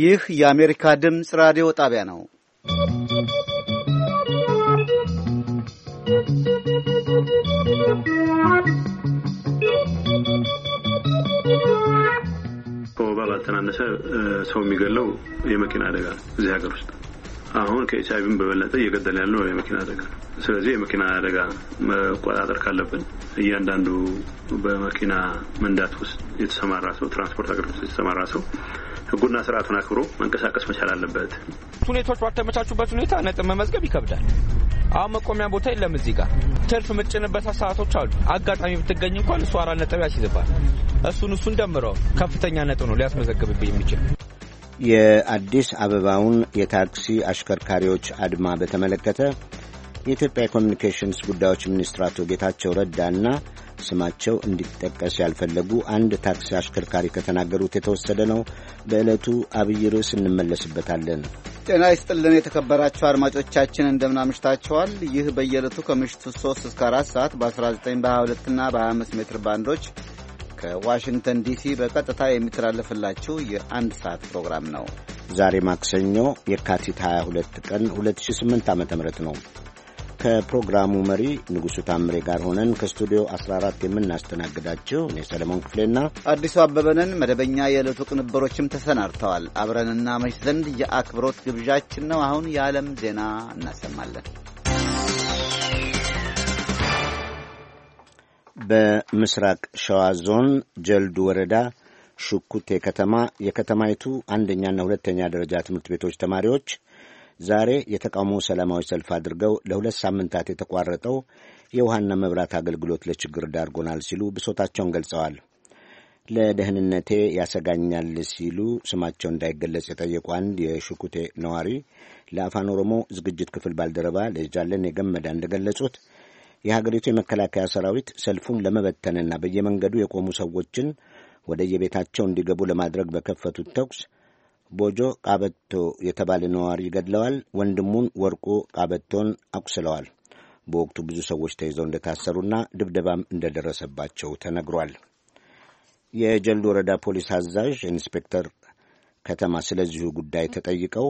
ይህ የአሜሪካ ድምፅ ራዲዮ ጣቢያ ነው። ከወባ ባልተናነሰ ሰው የሚገለው የመኪና አደጋ ነው እዚህ ሀገር ውስጥ አሁን ከኤች አይቪን በበለጠ እየገደለ ያለው የመኪና አደጋ ነው። ስለዚህ የመኪና አደጋ መቆጣጠር ካለብን እያንዳንዱ በመኪና መንዳት ውስጥ የተሰማራ ሰው፣ ትራንስፖርት አገልግሎት የተሰማራ ሰው ህጉና ስርዓቱን አክብሮ መንቀሳቀስ መቻል አለበት። ሁኔታዎች ባልተመቻቹበት ሁኔታ ነጥብ መመዝገብ ይከብዳል። አሁን መቆሚያ ቦታ የለም። እዚህ ጋር ትርፍ ምጭንበት ሰዓቶች አሉ። አጋጣሚ ብትገኝ እንኳን እሱ አራት ነጥብ ያስይዝባል። እሱን እሱን ደምረው ከፍተኛ ነጥብ ነው ሊያስመዘግብብ የሚችል የአዲስ አበባውን የታክሲ አሽከርካሪዎች አድማ በተመለከተ የኢትዮጵያ የኮሚኒኬሽንስ ጉዳዮች ሚኒስትር አቶ ጌታቸው ረዳና ስማቸው እንዲጠቀስ ያልፈለጉ አንድ ታክሲ አሽከርካሪ ከተናገሩት የተወሰደ ነው። በዕለቱ አብይ ርዕስ እንመለስበታለን። ጤና ይስጥልን የተከበራችሁ አድማጮቻችን እንደምናምሽታችኋል። ይህ በየዕለቱ ከምሽቱ 3 እስከ 4 ሰዓት በ19 በ22ና በ25 ሜትር ባንዶች ከዋሽንግተን ዲሲ በቀጥታ የሚተላለፍላችሁ የአንድ ሰዓት ፕሮግራም ነው። ዛሬ ማክሰኞ የካቲት 22 ቀን 2008 ዓ ም ነው። ከፕሮግራሙ መሪ ንጉሡ ታምሬ ጋር ሆነን ከስቱዲዮ 14 የምናስተናግዳችሁ እኔ ሰለሞን ክፍሌና አዲሱ አበበንን። መደበኛ የዕለቱ ቅንብሮችም ተሰናድተዋል። አብረንና መሽ ዘንድ የአክብሮት ግብዣችን ነው። አሁን የዓለም ዜና እናሰማለን። በምስራቅ ሸዋ ዞን ጀልዱ ወረዳ ሹኩቴ ከተማ የከተማይቱ አንደኛና ሁለተኛ ደረጃ ትምህርት ቤቶች ተማሪዎች ዛሬ የተቃውሞ ሰላማዊ ሰልፍ አድርገው ለሁለት ሳምንታት የተቋረጠው የውሃና መብራት አገልግሎት ለችግር ዳርጎናል ሲሉ ብሶታቸውን ገልጸዋል። ለደህንነቴ ያሰጋኛል ሲሉ ስማቸው እንዳይገለጽ የጠየቁ አንድ የሹኩቴ ነዋሪ ለአፋን ኦሮሞ ዝግጅት ክፍል ባልደረባ ለጃለን የገመዳ እንደገለጹት የሀገሪቱ የመከላከያ ሰራዊት ሰልፉን ለመበተንና በየመንገዱ የቆሙ ሰዎችን ወደ የቤታቸው እንዲገቡ ለማድረግ በከፈቱት ተኩስ ቦጆ ቃበቶ የተባለ ነዋሪ ገድለዋል። ወንድሙን ወርቁ ቃበቶን አቁስለዋል። በወቅቱ ብዙ ሰዎች ተይዘው እንደታሰሩና ድብደባም እንደደረሰባቸው ተነግሯል። የጀልዱ ወረዳ ፖሊስ አዛዥ ኢንስፔክተር ከተማ ስለዚሁ ጉዳይ ተጠይቀው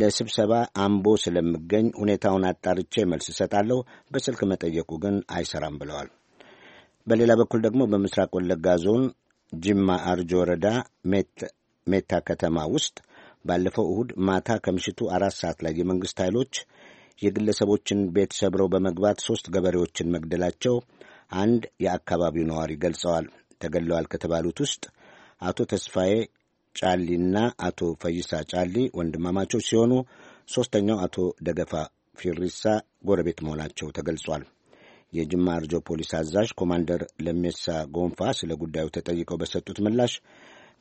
ለስብሰባ አምቦ ስለምገኝ ሁኔታውን አጣርቼ መልስ እሰጣለሁ። በስልክ መጠየቁ ግን አይሰራም ብለዋል። በሌላ በኩል ደግሞ በምስራቅ ወለጋ ዞን ጅማ አርጆ ወረዳ ሜታ ከተማ ውስጥ ባለፈው እሁድ ማታ ከምሽቱ አራት ሰዓት ላይ የመንግሥት ኃይሎች የግለሰቦችን ቤት ሰብረው በመግባት ሦስት ገበሬዎችን መግደላቸው አንድ የአካባቢው ነዋሪ ገልጸዋል። ተገለዋል ከተባሉት ውስጥ አቶ ተስፋዬ ጫሊና አቶ ፈይሳ ጫሊ ወንድማማቾች ሲሆኑ ሦስተኛው አቶ ደገፋ ፊሪሳ ጎረቤት መሆናቸው ተገልጿል። የጅማ አርጆ ፖሊስ አዛዥ ኮማንደር ለሜሳ ጎንፋ ስለ ጉዳዩ ተጠይቀው በሰጡት ምላሽ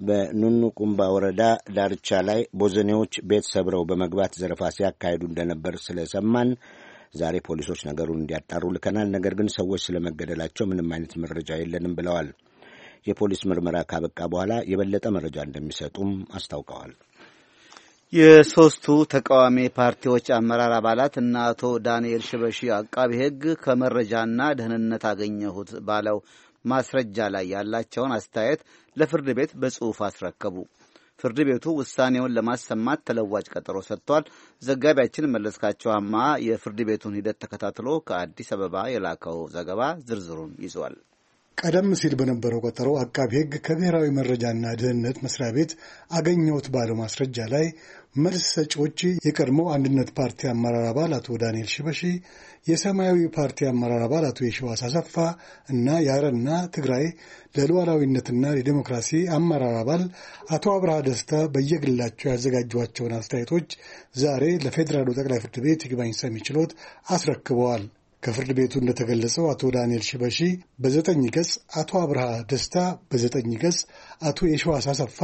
በኑኑ ቁምባ ወረዳ ዳርቻ ላይ ቦዘኔዎች ቤት ሰብረው በመግባት ዘረፋ ሲያካሂዱ እንደነበር ስለሰማን ዛሬ ፖሊሶች ነገሩን እንዲያጣሩ ልከናል። ነገር ግን ሰዎች ስለመገደላቸው ምንም አይነት መረጃ የለንም ብለዋል። የፖሊስ ምርመራ ካበቃ በኋላ የበለጠ መረጃ እንደሚሰጡም አስታውቀዋል። የሶስቱ ተቃዋሚ ፓርቲዎች አመራር አባላት እና አቶ ዳንኤል ሽበሺ አቃቢ ሕግ ከመረጃና ደህንነት አገኘሁት ባለው ማስረጃ ላይ ያላቸውን አስተያየት ለፍርድ ቤት በጽሑፍ አስረከቡ። ፍርድ ቤቱ ውሳኔውን ለማሰማት ተለዋጭ ቀጠሮ ሰጥቷል። ዘጋቢያችን መለስካቸው አማ የፍርድ ቤቱን ሂደት ተከታትሎ ከአዲስ አበባ የላከው ዘገባ ዝርዝሩን ይዟል። ቀደም ሲል በነበረው ቀጠሮ አቃቢ ሕግ ከብሔራዊ መረጃና ደህንነት መስሪያ ቤት አገኘሁት ባለው ማስረጃ ላይ መልስ ሰጪዎች የቀድሞ አንድነት ፓርቲ አመራር አባል አቶ ዳንኤል ሽበሺ፣ የሰማያዊ ፓርቲ አመራር አባል አቶ የሸዋስ አሰፋ እና የአረና ትግራይ ለሉዓላዊነትና ለዲሞክራሲ አመራር አባል አቶ አብርሃ ደስታ በየግላቸው ያዘጋጇቸውን አስተያየቶች ዛሬ ለፌዴራሉ ጠቅላይ ፍርድ ቤት ይግባኝ ሰሚ ችሎት አስረክበዋል። ከፍርድ ቤቱ እንደተገለጸው አቶ ዳንኤል ሽበሺ በዘጠኝ ገጽ፣ አቶ አብርሃ ደስታ በዘጠኝ ገጽ፣ አቶ የሸዋስ አሰፋ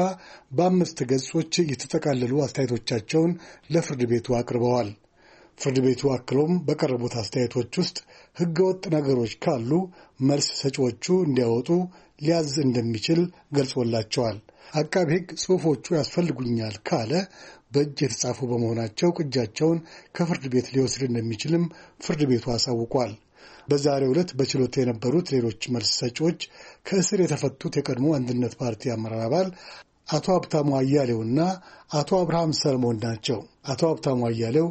በአምስት ገጾች የተጠቃለሉ አስተያየቶቻቸውን ለፍርድ ቤቱ አቅርበዋል። ፍርድ ቤቱ አክሎም በቀረቡት አስተያየቶች ውስጥ ሕገወጥ ነገሮች ካሉ መልስ ሰጪዎቹ እንዲያወጡ ሊያዝ እንደሚችል ገልጾላቸዋል። አቃቢ ሕግ ጽሑፎቹ ያስፈልጉኛል ካለ በእጅ የተጻፉ በመሆናቸው ቅጃቸውን ከፍርድ ቤት ሊወስድ እንደሚችልም ፍርድ ቤቱ አሳውቋል። በዛሬው ዕለት በችሎት የነበሩት ሌሎች መልስ ሰጪዎች ከእስር የተፈቱት የቀድሞ አንድነት ፓርቲ አመራር አባል አቶ ሀብታሙ አያሌውና አቶ አብርሃም ሰለሞን ናቸው። አቶ ሀብታሙ አያሌው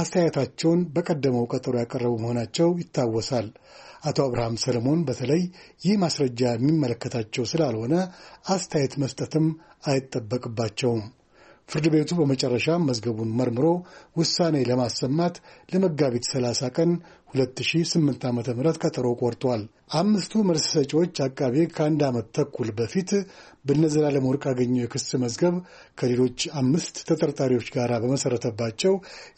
አስተያየታቸውን በቀደመው ቀጠሮ ያቀረቡ መሆናቸው ይታወሳል። አቶ አብርሃም ሰለሞን በተለይ ይህ ማስረጃ የሚመለከታቸው ስላልሆነ አስተያየት መስጠትም አይጠበቅባቸውም። ፍርድ ቤቱ በመጨረሻ መዝገቡን መርምሮ ውሳኔ ለማሰማት ለመጋቢት 30 ቀን 2008 ዓ ም ቀጠሮ ቆርጧል። አምስቱ መልስ ሰጪዎች አቃቤ ከአንድ ዓመት ተኩል በፊት በነዘላለም ወርቅ ያገኘ የክስ መዝገብ ከሌሎች አምስት ተጠርጣሪዎች ጋር በመሠረተባቸው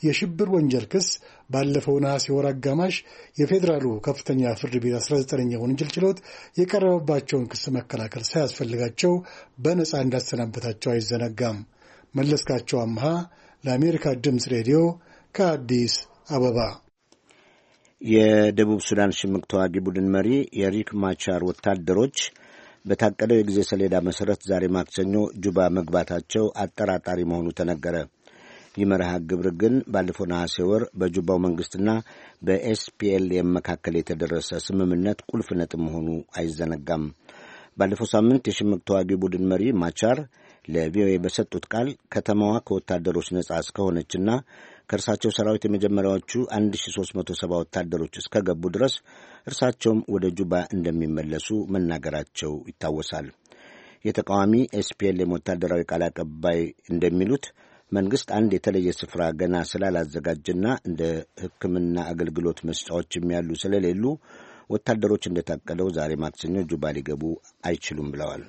የሽብር ወንጀል ክስ ባለፈው ነሐሴ ወር አጋማሽ የፌዴራሉ ከፍተኛ ፍርድ ቤት 19ኛ ወንጀል ችሎት የቀረበባቸውን ክስ መከላከል ሳያስፈልጋቸው በነፃ እንዳሰናበታቸው አይዘነጋም። መለስካቸው አምሃ ለአሜሪካ ድምፅ ሬዲዮ ከአዲስ አበባ። የደቡብ ሱዳን ሽምቅ ተዋጊ ቡድን መሪ የሪክ ማቻር ወታደሮች በታቀደው የጊዜ ሰሌዳ መሠረት ዛሬ ማክሰኞ ጁባ መግባታቸው አጠራጣሪ መሆኑ ተነገረ። ይህ መርሃ ግብር ግን ባለፈው ነሐሴ ወር በጁባው መንግሥትና በኤስፒኤልኤም መካከል የተደረሰ ስምምነት ቁልፍ ነጥብ መሆኑ አይዘነጋም። ባለፈው ሳምንት የሽምቅ ተዋጊ ቡድን መሪ ማቻር ለቪኦኤ በሰጡት ቃል ከተማዋ ከወታደሮች ነጻ እስከሆነችና ከእርሳቸው ሰራዊት የመጀመሪያዎቹ 1370 ወታደሮች እስከገቡ ድረስ እርሳቸውም ወደ ጁባ እንደሚመለሱ መናገራቸው ይታወሳል። የተቃዋሚ ኤስፒኤልኤም ወታደራዊ ቃል አቀባይ እንደሚሉት መንግሥት አንድ የተለየ ስፍራ ገና ስላላዘጋጀና እንደ ሕክምና አገልግሎት መስጫዎችም ያሉ ስለሌሉ ወታደሮች እንደታቀደው ዛሬ ማክሰኞ ጁባ ሊገቡ አይችሉም ብለዋል።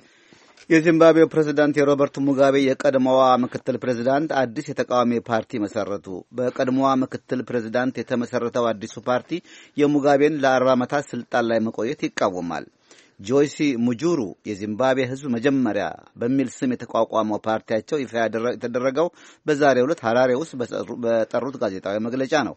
የዚምባብዌ ፕሬዝዳንት የሮበርት ሙጋቤ የቀድሞዋ ምክትል ፕሬዝዳንት አዲስ የተቃዋሚ ፓርቲ መሰረቱ። በቀድሞዋ ምክትል ፕሬዝዳንት የተመሰረተው አዲሱ ፓርቲ የሙጋቤን ለአርባ ዓመታት ስልጣን ላይ መቆየት ይቃወማል። ጆይሲ ሙጁሩ የዚምባብዌ ሕዝብ መጀመሪያ በሚል ስም የተቋቋመው ፓርቲያቸው ይፋ የተደረገው በዛሬው ዕለት ሀራሬ ውስጥ በጠሩት ጋዜጣዊ መግለጫ ነው።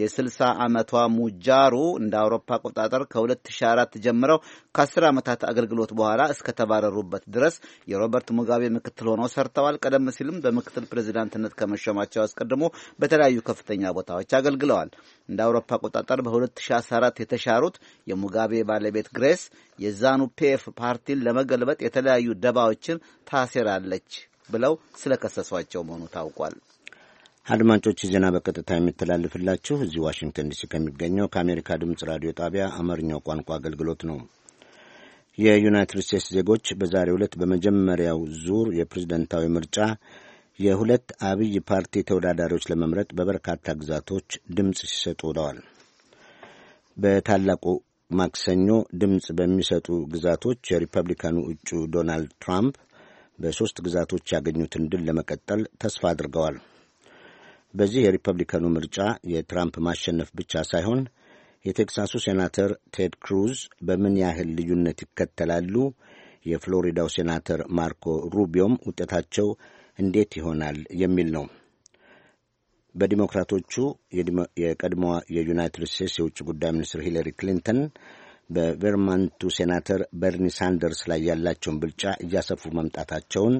የ60 ዓመቷ ሙጃሩ እንደ አውሮፓ አቆጣጠር ከ2004 ጀምረው ከ10 ዓመታት አገልግሎት በኋላ እስከተባረሩበት ድረስ የሮበርት ሙጋቤ ምክትል ሆነው ሰርተዋል። ቀደም ሲልም በምክትል ፕሬዚዳንትነት ከመሸማቸው አስቀድሞ በተለያዩ ከፍተኛ ቦታዎች አገልግለዋል። እንደ አውሮፓ አቆጣጠር በ2014 የተሻሩት የሙጋቤ ባለቤት ግሬስ የዛኑ ፒኤፍ ፓርቲን ለመገልበጥ የተለያዩ ደባዎችን ታሴራለች ብለው ስለከሰሷቸው መሆኑ ታውቋል። አድማጮች ዜና በቀጥታ የሚተላልፍላችሁ እዚህ ዋሽንግተን ዲሲ ከሚገኘው ከአሜሪካ ድምፅ ራዲዮ ጣቢያ አማርኛው ቋንቋ አገልግሎት ነው። የዩናይትድ ስቴትስ ዜጎች በዛሬው ዕለት በመጀመሪያው ዙር የፕሬዝደንታዊ ምርጫ የሁለት አብይ ፓርቲ ተወዳዳሪዎች ለመምረጥ በበርካታ ግዛቶች ድምፅ ሲሰጡ ውለዋል። በታላቁ ማክሰኞ ድምፅ በሚሰጡ ግዛቶች የሪፐብሊካኑ እጩ ዶናልድ ትራምፕ በሦስት ግዛቶች ያገኙትን ድል ለመቀጠል ተስፋ አድርገዋል። በዚህ የሪፐብሊካኑ ምርጫ የትራምፕ ማሸነፍ ብቻ ሳይሆን የቴክሳሱ ሴናተር ቴድ ክሩዝ በምን ያህል ልዩነት ይከተላሉ፣ የፍሎሪዳው ሴናተር ማርኮ ሩቢዮም ውጤታቸው እንዴት ይሆናል የሚል ነው። በዲሞክራቶቹ የቀድሞዋ የዩናይትድ ስቴትስ የውጭ ጉዳይ ሚኒስትር ሂለሪ ክሊንተን በቬርማንቱ ሴናተር በርኒ ሳንደርስ ላይ ያላቸውን ብልጫ እያሰፉ መምጣታቸውን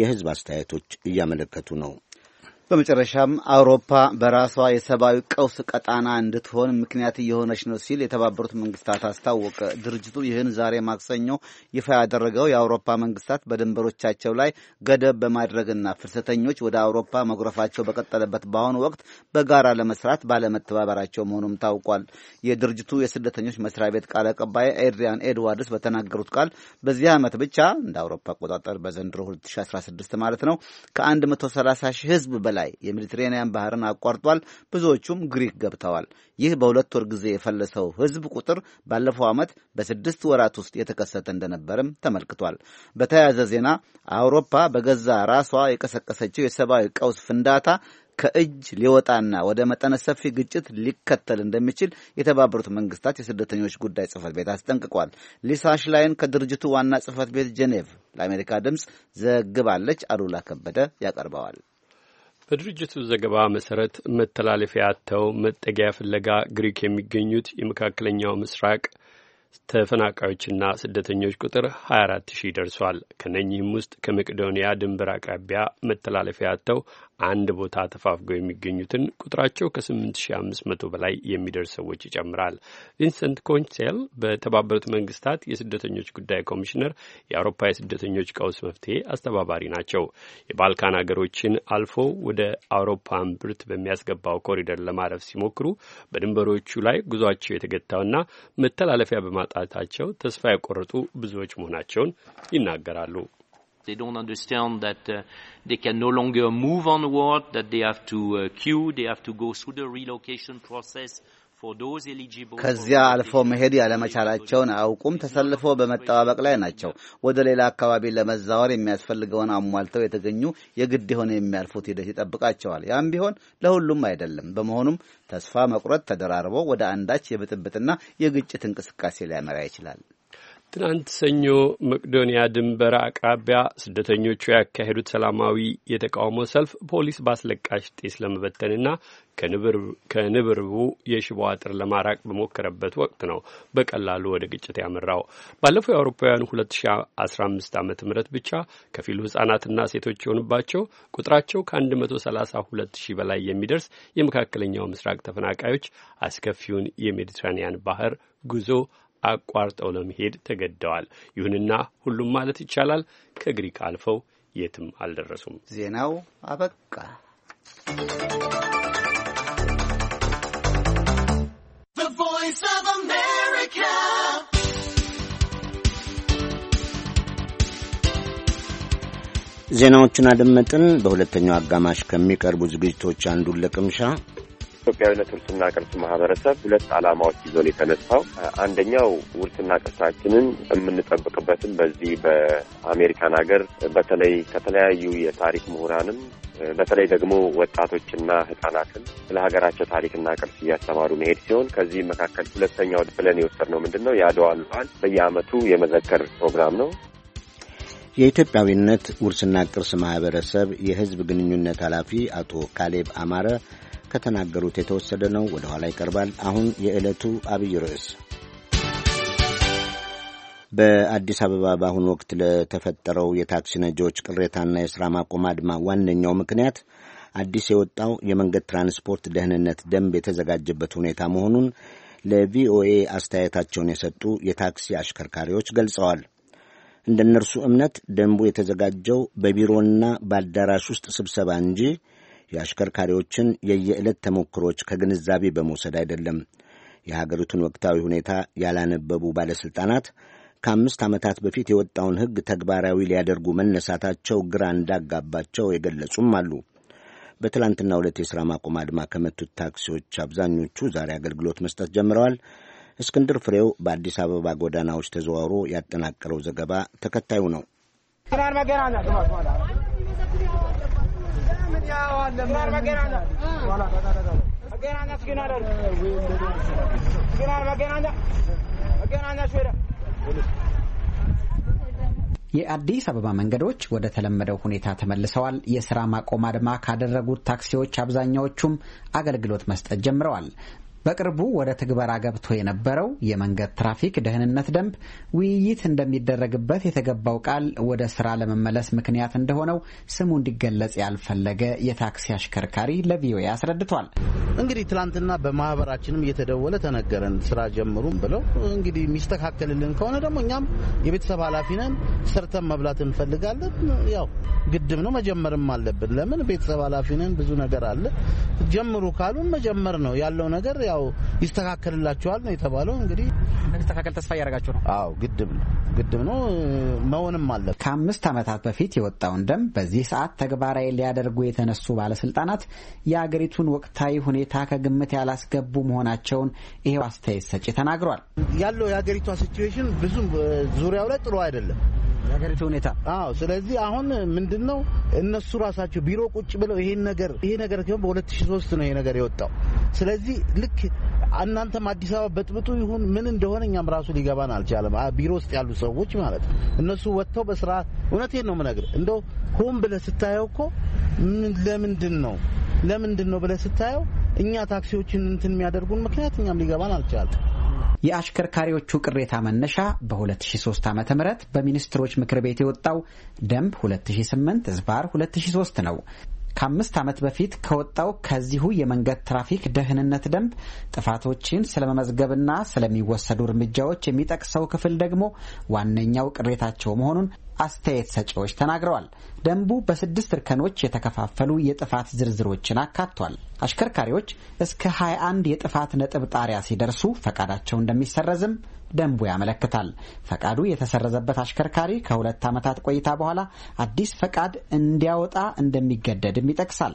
የሕዝብ አስተያየቶች እያመለከቱ ነው። በመጨረሻም አውሮፓ በራሷ የሰብአዊ ቀውስ ቀጣና እንድትሆን ምክንያት እየሆነች ነው ሲል የተባበሩት መንግስታት አስታወቀ። ድርጅቱ ይህን ዛሬ ማክሰኞ ይፋ ያደረገው የአውሮፓ መንግስታት በድንበሮቻቸው ላይ ገደብ በማድረግና ፍልሰተኞች ወደ አውሮፓ መጉረፋቸው በቀጠለበት በአሁኑ ወቅት በጋራ ለመስራት ባለመተባበራቸው መሆኑም ታውቋል። የድርጅቱ የስደተኞች መስሪያ ቤት ቃል አቀባይ ኤድሪያን ኤድዋርድስ በተናገሩት ቃል በዚህ ዓመት ብቻ እንደ አውሮፓ አቆጣጠር በዘንድሮ 2016 ማለት ነው ከ130 ሺህ ህዝብ በላይ ላይ የሜዲትሬንያን ባህርን አቋርጧል። ብዙዎቹም ግሪክ ገብተዋል። ይህ በሁለት ወር ጊዜ የፈለሰው ሕዝብ ቁጥር ባለፈው ዓመት በስድስት ወራት ውስጥ የተከሰተ እንደነበርም ተመልክቷል። በተያያዘ ዜና አውሮፓ በገዛ ራሷ የቀሰቀሰችው የሰብአዊ ቀውስ ፍንዳታ ከእጅ ሊወጣና ወደ መጠነ ሰፊ ግጭት ሊከተል እንደሚችል የተባበሩት መንግስታት የስደተኞች ጉዳይ ጽህፈት ቤት አስጠንቅቋል። ሊሳ ሽላይን ከድርጅቱ ዋና ጽህፈት ቤት ጄኔቭ ለአሜሪካ ድምፅ ዘግባለች። አሉላ ከበደ ያቀርበዋል። በድርጅቱ ዘገባ መሰረት መተላለፊያ አጥተው መጠጊያ ፍለጋ ግሪክ የሚገኙት የመካከለኛው ምስራቅ ተፈናቃዮችና ስደተኞች ቁጥር 24 ሺህ ደርሷል። ከነኚህም ውስጥ ከመቄዶንያ ድንበር አቅራቢያ መተላለፊያ አጥተው አንድ ቦታ ተፋፍገው የሚገኙትን ቁጥራቸው ከ8500 በላይ የሚደርስ ሰዎች ይጨምራል። ቪንሰንት ኮንሴል በተባበሩት መንግስታት የስደተኞች ጉዳይ ኮሚሽነር የአውሮፓ የስደተኞች ቀውስ መፍትሄ አስተባባሪ ናቸው። የባልካን አገሮችን አልፎ ወደ አውሮፓ ብርት በሚያስገባው ኮሪደር ለማረፍ ሲሞክሩ በድንበሮቹ ላይ ጉዟቸው የተገታውና መተላለፊያ በማጣታቸው ተስፋ የቆረጡ ብዙዎች መሆናቸውን ይናገራሉ። They don't understand that uh, they can no longer move onward, that they have to uh, queue, they have to go through the relocation process. ከዚያ አልፎ መሄድ ያለመቻላቸውን አያውቁም። ተሰልፎ በመጠባበቅ ላይ ናቸው። ወደ ሌላ አካባቢ ለመዛወር የሚያስፈልገውን አሟልተው የተገኙ የግድ የሆነ የሚያልፉት ሂደት ይጠብቃቸዋል። ያም ቢሆን ለሁሉም አይደለም። በመሆኑም ተስፋ መቁረጥ ተደራርቦ ወደ አንዳች የብጥብጥና የግጭት እንቅስቃሴ ሊያመራ ይችላል። ትናንት ሰኞ መቅዶንያ ድንበር አቅራቢያ ስደተኞቹ ያካሄዱት ሰላማዊ የተቃውሞ ሰልፍ ፖሊስ ባስለቃሽ ጤስ ለመበተንና ከንብርቡ የሽቦ አጥር ለማራቅ በሞከረበት ወቅት ነው በቀላሉ ወደ ግጭት ያመራው። ባለፈው የአውሮፓውያኑ 2015 ዓ ም ብቻ ከፊሉ ህጻናትና ሴቶች የሆኑባቸው ቁጥራቸው ከ132 ሺህ በላይ የሚደርስ የመካከለኛው ምስራቅ ተፈናቃዮች አስከፊውን የሜዲትራኒያን ባህር ጉዞ አቋርጠው ለመሄድ ተገደዋል። ይሁንና ሁሉም ማለት ይቻላል ከግሪክ አልፈው የትም አልደረሱም። ዜናው አበቃ። ዜናዎቹን አደመጥን። በሁለተኛው አጋማሽ ከሚቀርቡ ዝግጅቶች አንዱን ለቅምሻ ኢትዮጵያዊነት ውርስና ቅርስ ማህበረሰብ ሁለት ዓላማዎች ይዞን የተነሳው አንደኛው ውርስና ቅርሳችንን የምንጠብቅበትም በዚህ በአሜሪካን ሀገር በተለይ ከተለያዩ የታሪክ ምሁራንም በተለይ ደግሞ ወጣቶችና ህጻናትን ስለ ሀገራቸው ታሪክና ቅርስ እያስተማሩ መሄድ ሲሆን ከዚህ መካከል ሁለተኛው ብለን የወሰድነው ምንድን ነው የአድዋን በዓል በየዓመቱ የመዘከር ፕሮግራም ነው። የኢትዮጵያዊነት ውርስና ቅርስ ማህበረሰብ የህዝብ ግንኙነት ኃላፊ አቶ ካሌብ አማረ ከተናገሩት የተወሰደ ነው። ወደ ኋላ ይቀርባል። አሁን የዕለቱ አብይ ርዕስ በአዲስ አበባ በአሁኑ ወቅት ለተፈጠረው የታክሲ ነጂዎች ቅሬታና የሥራ ማቆም አድማ ዋነኛው ምክንያት አዲስ የወጣው የመንገድ ትራንስፖርት ደህንነት ደንብ የተዘጋጀበት ሁኔታ መሆኑን ለቪኦኤ አስተያየታቸውን የሰጡ የታክሲ አሽከርካሪዎች ገልጸዋል። እንደ እነርሱ እምነት ደንቡ የተዘጋጀው በቢሮና በአዳራሽ ውስጥ ስብሰባ እንጂ የአሽከርካሪዎችን የየዕለት ተሞክሮች ከግንዛቤ በመውሰድ አይደለም። የሀገሪቱን ወቅታዊ ሁኔታ ያላነበቡ ባለሥልጣናት ከአምስት ዓመታት በፊት የወጣውን ሕግ ተግባራዊ ሊያደርጉ መነሳታቸው ግራ እንዳጋባቸው የገለጹም አሉ። በትላንትና ሁለት የሥራ ማቆም አድማ ከመቱት ታክሲዎች አብዛኞቹ ዛሬ አገልግሎት መስጠት ጀምረዋል። እስክንድር ፍሬው በአዲስ አበባ ጎዳናዎች ተዘዋውሮ ያጠናቀረው ዘገባ ተከታዩ ነው። የአዲስ አበባ መንገዶች ወደ ተለመደው ሁኔታ ተመልሰዋል። የስራ ማቆም አድማ ካደረጉት ታክሲዎች አብዛኛዎቹም አገልግሎት መስጠት ጀምረዋል። በቅርቡ ወደ ትግበራ ገብቶ የነበረው የመንገድ ትራፊክ ደህንነት ደንብ ውይይት እንደሚደረግበት የተገባው ቃል ወደ ስራ ለመመለስ ምክንያት እንደሆነው ስሙ እንዲገለጽ ያልፈለገ የታክሲ አሽከርካሪ ለቪኦኤ አስረድቷል። እንግዲህ ትናንትና በማህበራችንም እየተደወለ ተነገረን ስራ ጀምሩም ብለው እንግዲህ የሚስተካከልልን ከሆነ ደግሞ እኛም የቤተሰብ ኃላፊ ነን፣ ሰርተን መብላት እንፈልጋለን። ያው ግድም ነው መጀመርም አለብን። ለምን ቤተሰብ ኃላፊ ነን፣ ብዙ ነገር አለ። ጀምሩ ካሉን መጀመር ነው ያለው ነገር ያው ይስተካከልላቸዋል ነው የተባለው። እንግዲህ እንደሚስተካከል ተስፋ እያደረጋቸው ነው። አዎ ግድብ ነው ግድብ ነው መሆንም አለ። ከአምስት ዓመታት በፊት የወጣውን ደንብ በዚህ ሰዓት ተግባራዊ ሊያደርጉ የተነሱ ባለስልጣናት የአገሪቱን ወቅታዊ ሁኔታ ከግምት ያላስገቡ መሆናቸውን ይሄው አስተያየት ሰጪ ተናግሯል። ያለው የአገሪቷ ሲትዌሽን ብዙም ዙሪያው ላይ ጥሩ አይደለም። የሀገሪቱ ሁኔታ። አዎ። ስለዚህ አሁን ምንድን ነው እነሱ ራሳቸው ቢሮ ቁጭ ብለው ይሄን ነገር ይሄ ነገር ሲሆን በ2003 ነው ይሄ ነገር የወጣው። ስለዚህ ልክ እናንተም አዲስ አበባ በጥብጡ ይሁን ምን እንደሆነ እኛም ራሱ ሊገባን አልቻለም። ቢሮ ውስጥ ያሉ ሰዎች ማለት እነሱ ወጥተው በስራ እውነቴን ነው የምነግርህ። እንደው ሆን ብለህ ስታየው እኮ ለምንድን ነው ለምንድን ነው ብለህ ስታየው እኛ ታክሲዎችን እንትን የሚያደርጉን ምክንያት እኛም ሊገባን አልቻለም። የአሽከርካሪዎቹ ቅሬታ መነሻ በ2003 ዓ ም በሚኒስትሮች ምክር ቤት የወጣው ደንብ 2008 ዝባር 2003 ነው። ከአምስት ዓመት በፊት ከወጣው ከዚሁ የመንገድ ትራፊክ ደህንነት ደንብ ጥፋቶችን ስለመመዝገብና ስለሚወሰዱ እርምጃዎች የሚጠቅሰው ክፍል ደግሞ ዋነኛው ቅሬታቸው መሆኑን አስተያየት ሰጪዎች ተናግረዋል። ደንቡ በስድስት እርከኖች የተከፋፈሉ የጥፋት ዝርዝሮችን አካቷል። አሽከርካሪዎች እስከ 21 የጥፋት ነጥብ ጣሪያ ሲደርሱ ፈቃዳቸው እንደሚሰረዝም ደንቡ ያመለክታል። ፈቃዱ የተሰረዘበት አሽከርካሪ ከሁለት ዓመታት ቆይታ በኋላ አዲስ ፈቃድ እንዲያወጣ እንደሚገደድም ይጠቅሳል።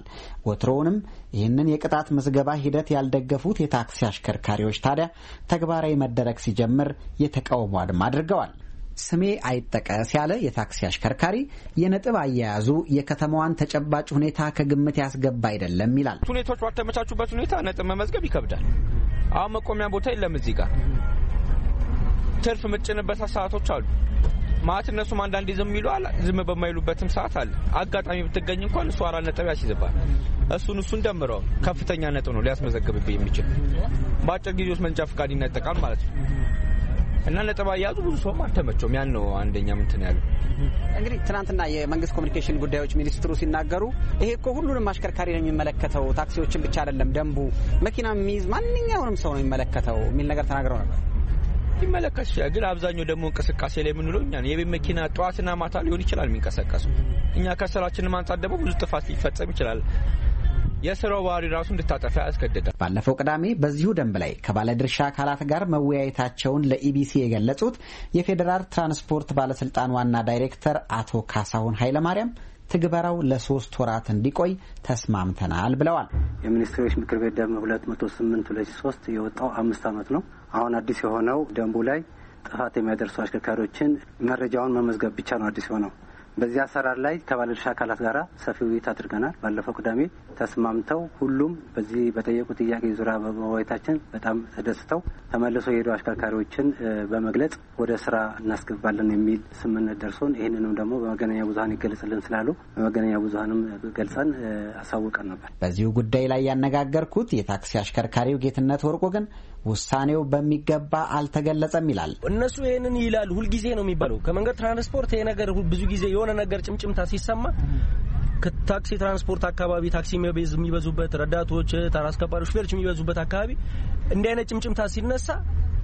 ወትሮውንም ይህንን የቅጣት ምዝገባ ሂደት ያልደገፉት የታክሲ አሽከርካሪዎች ታዲያ ተግባራዊ መደረግ ሲጀምር የተቃውሞ አድማ አድርገዋል። ስሜ አይጠቀስ ያለ የታክሲ አሽከርካሪ የነጥብ አያያዙ የከተማዋን ተጨባጭ ሁኔታ ከግምት ያስገባ አይደለም ይላል። ሁኔታዎች ባልተመቻቹበት ሁኔታ ነጥብ መመዝገብ ይከብዳል። አሁን መቆሚያ ቦታ የለም እዚህ ጋር ትርፍ የምጭንበት ሰዓቶች አሉ ማለት እነሱም አንዳንዴ ዝም ይሉ ዝም በማይሉበትም ሰዓት አለ። አጋጣሚ ብትገኝ እንኳን እሱ አራት ነጥብ ያስይዝባል። እሱን እሱን ደምረው ከፍተኛ ነጥብ ነው ሊያስመዘግብብ የሚችል በአጭር ጊዜ ውስጥ መንጃ ፍቃድ ይነጠቃል ማለት ነው። እና ነጥብ አያያዙ ብዙ ሰውም አልተመቸውም። ያን ነው አንደኛ ምንትን ያለ እንግዲህ ትናንትና የመንግስት ኮሚኒኬሽን ጉዳዮች ሚኒስትሩ ሲናገሩ ይሄ እኮ ሁሉንም አሽከርካሪ ነው የሚመለከተው፣ ታክሲዎችን ብቻ አይደለም ደንቡ መኪና የሚይዝ ማንኛውንም ሰው ነው የሚመለከተው የሚል ነገር ተናግረው ነበር። ሊመለከት ይችላል። ግን አብዛኛው ደግሞ እንቅስቃሴ ላይ የምንለው እኛ የቤት መኪና ጠዋትና ማታ ሊሆን ይችላል የሚንቀሳቀሱ እኛ ከስራችን ማንጻት ደግሞ ብዙ ጥፋት ሊፈጸም ይችላል። የስራው ባህሪ ራሱ እንድታጠፋ ያስገድዳል። ባለፈው ቅዳሜ በዚሁ ደንብ ላይ ከባለድርሻ አካላት ጋር መወያየታቸውን ለኢቢሲ የገለጹት የፌዴራል ትራንስፖርት ባለስልጣን ዋና ዳይሬክተር አቶ ካሳሁን ኃይለማርያም ትግበራው ለሶስት ወራት እንዲቆይ ተስማምተናል ብለዋል። የሚኒስትሮች ምክር ቤት ደንብ ሁለት መቶ ስምንት ሁለት ሶስት የወጣው አምስት ዓመት ነው። አሁን አዲስ የሆነው ደንቡ ላይ ጥፋት የሚያደርሱ አሽከርካሪዎችን መረጃውን መመዝገብ ብቻ ነው አዲስ የሆነው። በዚህ አሰራር ላይ ከባለድርሻ አካላት ጋራ ሰፊ ውይይት አድርገናል። ባለፈው ቅዳሜ ተስማምተው ሁሉም በዚህ በጠየቁ ጥያቄ ዙሪያ በመወያየታችን በጣም ተደስተው ተመልሶ የሄዱ አሽከርካሪዎችን በመግለጽ ወደ ስራ እናስገባለን የሚል ስምምነት ደርሶን ይህንንም ደግሞ በመገናኛ ብዙኃን ይገለጽልን ስላሉ በመገናኛ ብዙኃንም ገልጸን አሳውቀን ነበር። በዚሁ ጉዳይ ላይ ያነጋገርኩት የታክሲ አሽከርካሪው ጌትነት ወርቆ ግን ውሳኔው በሚገባ አልተገለጸም ይላል። እነሱ ይህንን ይላሉ። ሁልጊዜ ነው የሚባለው ከመንገድ ትራንስፖርት ይሄ ነገር ብዙ ጊዜ የሆነ ነገር ጭምጭምታ ሲሰማ ከታክሲ ትራንስፖርት አካባቢ ታክሲ የሚበዙበት ረዳቶች፣ ተራ አስከባሪዎች፣ ሹፌሮች የሚበዙበት አካባቢ እንዲህ አይነት ጭምጭምታ ሲነሳ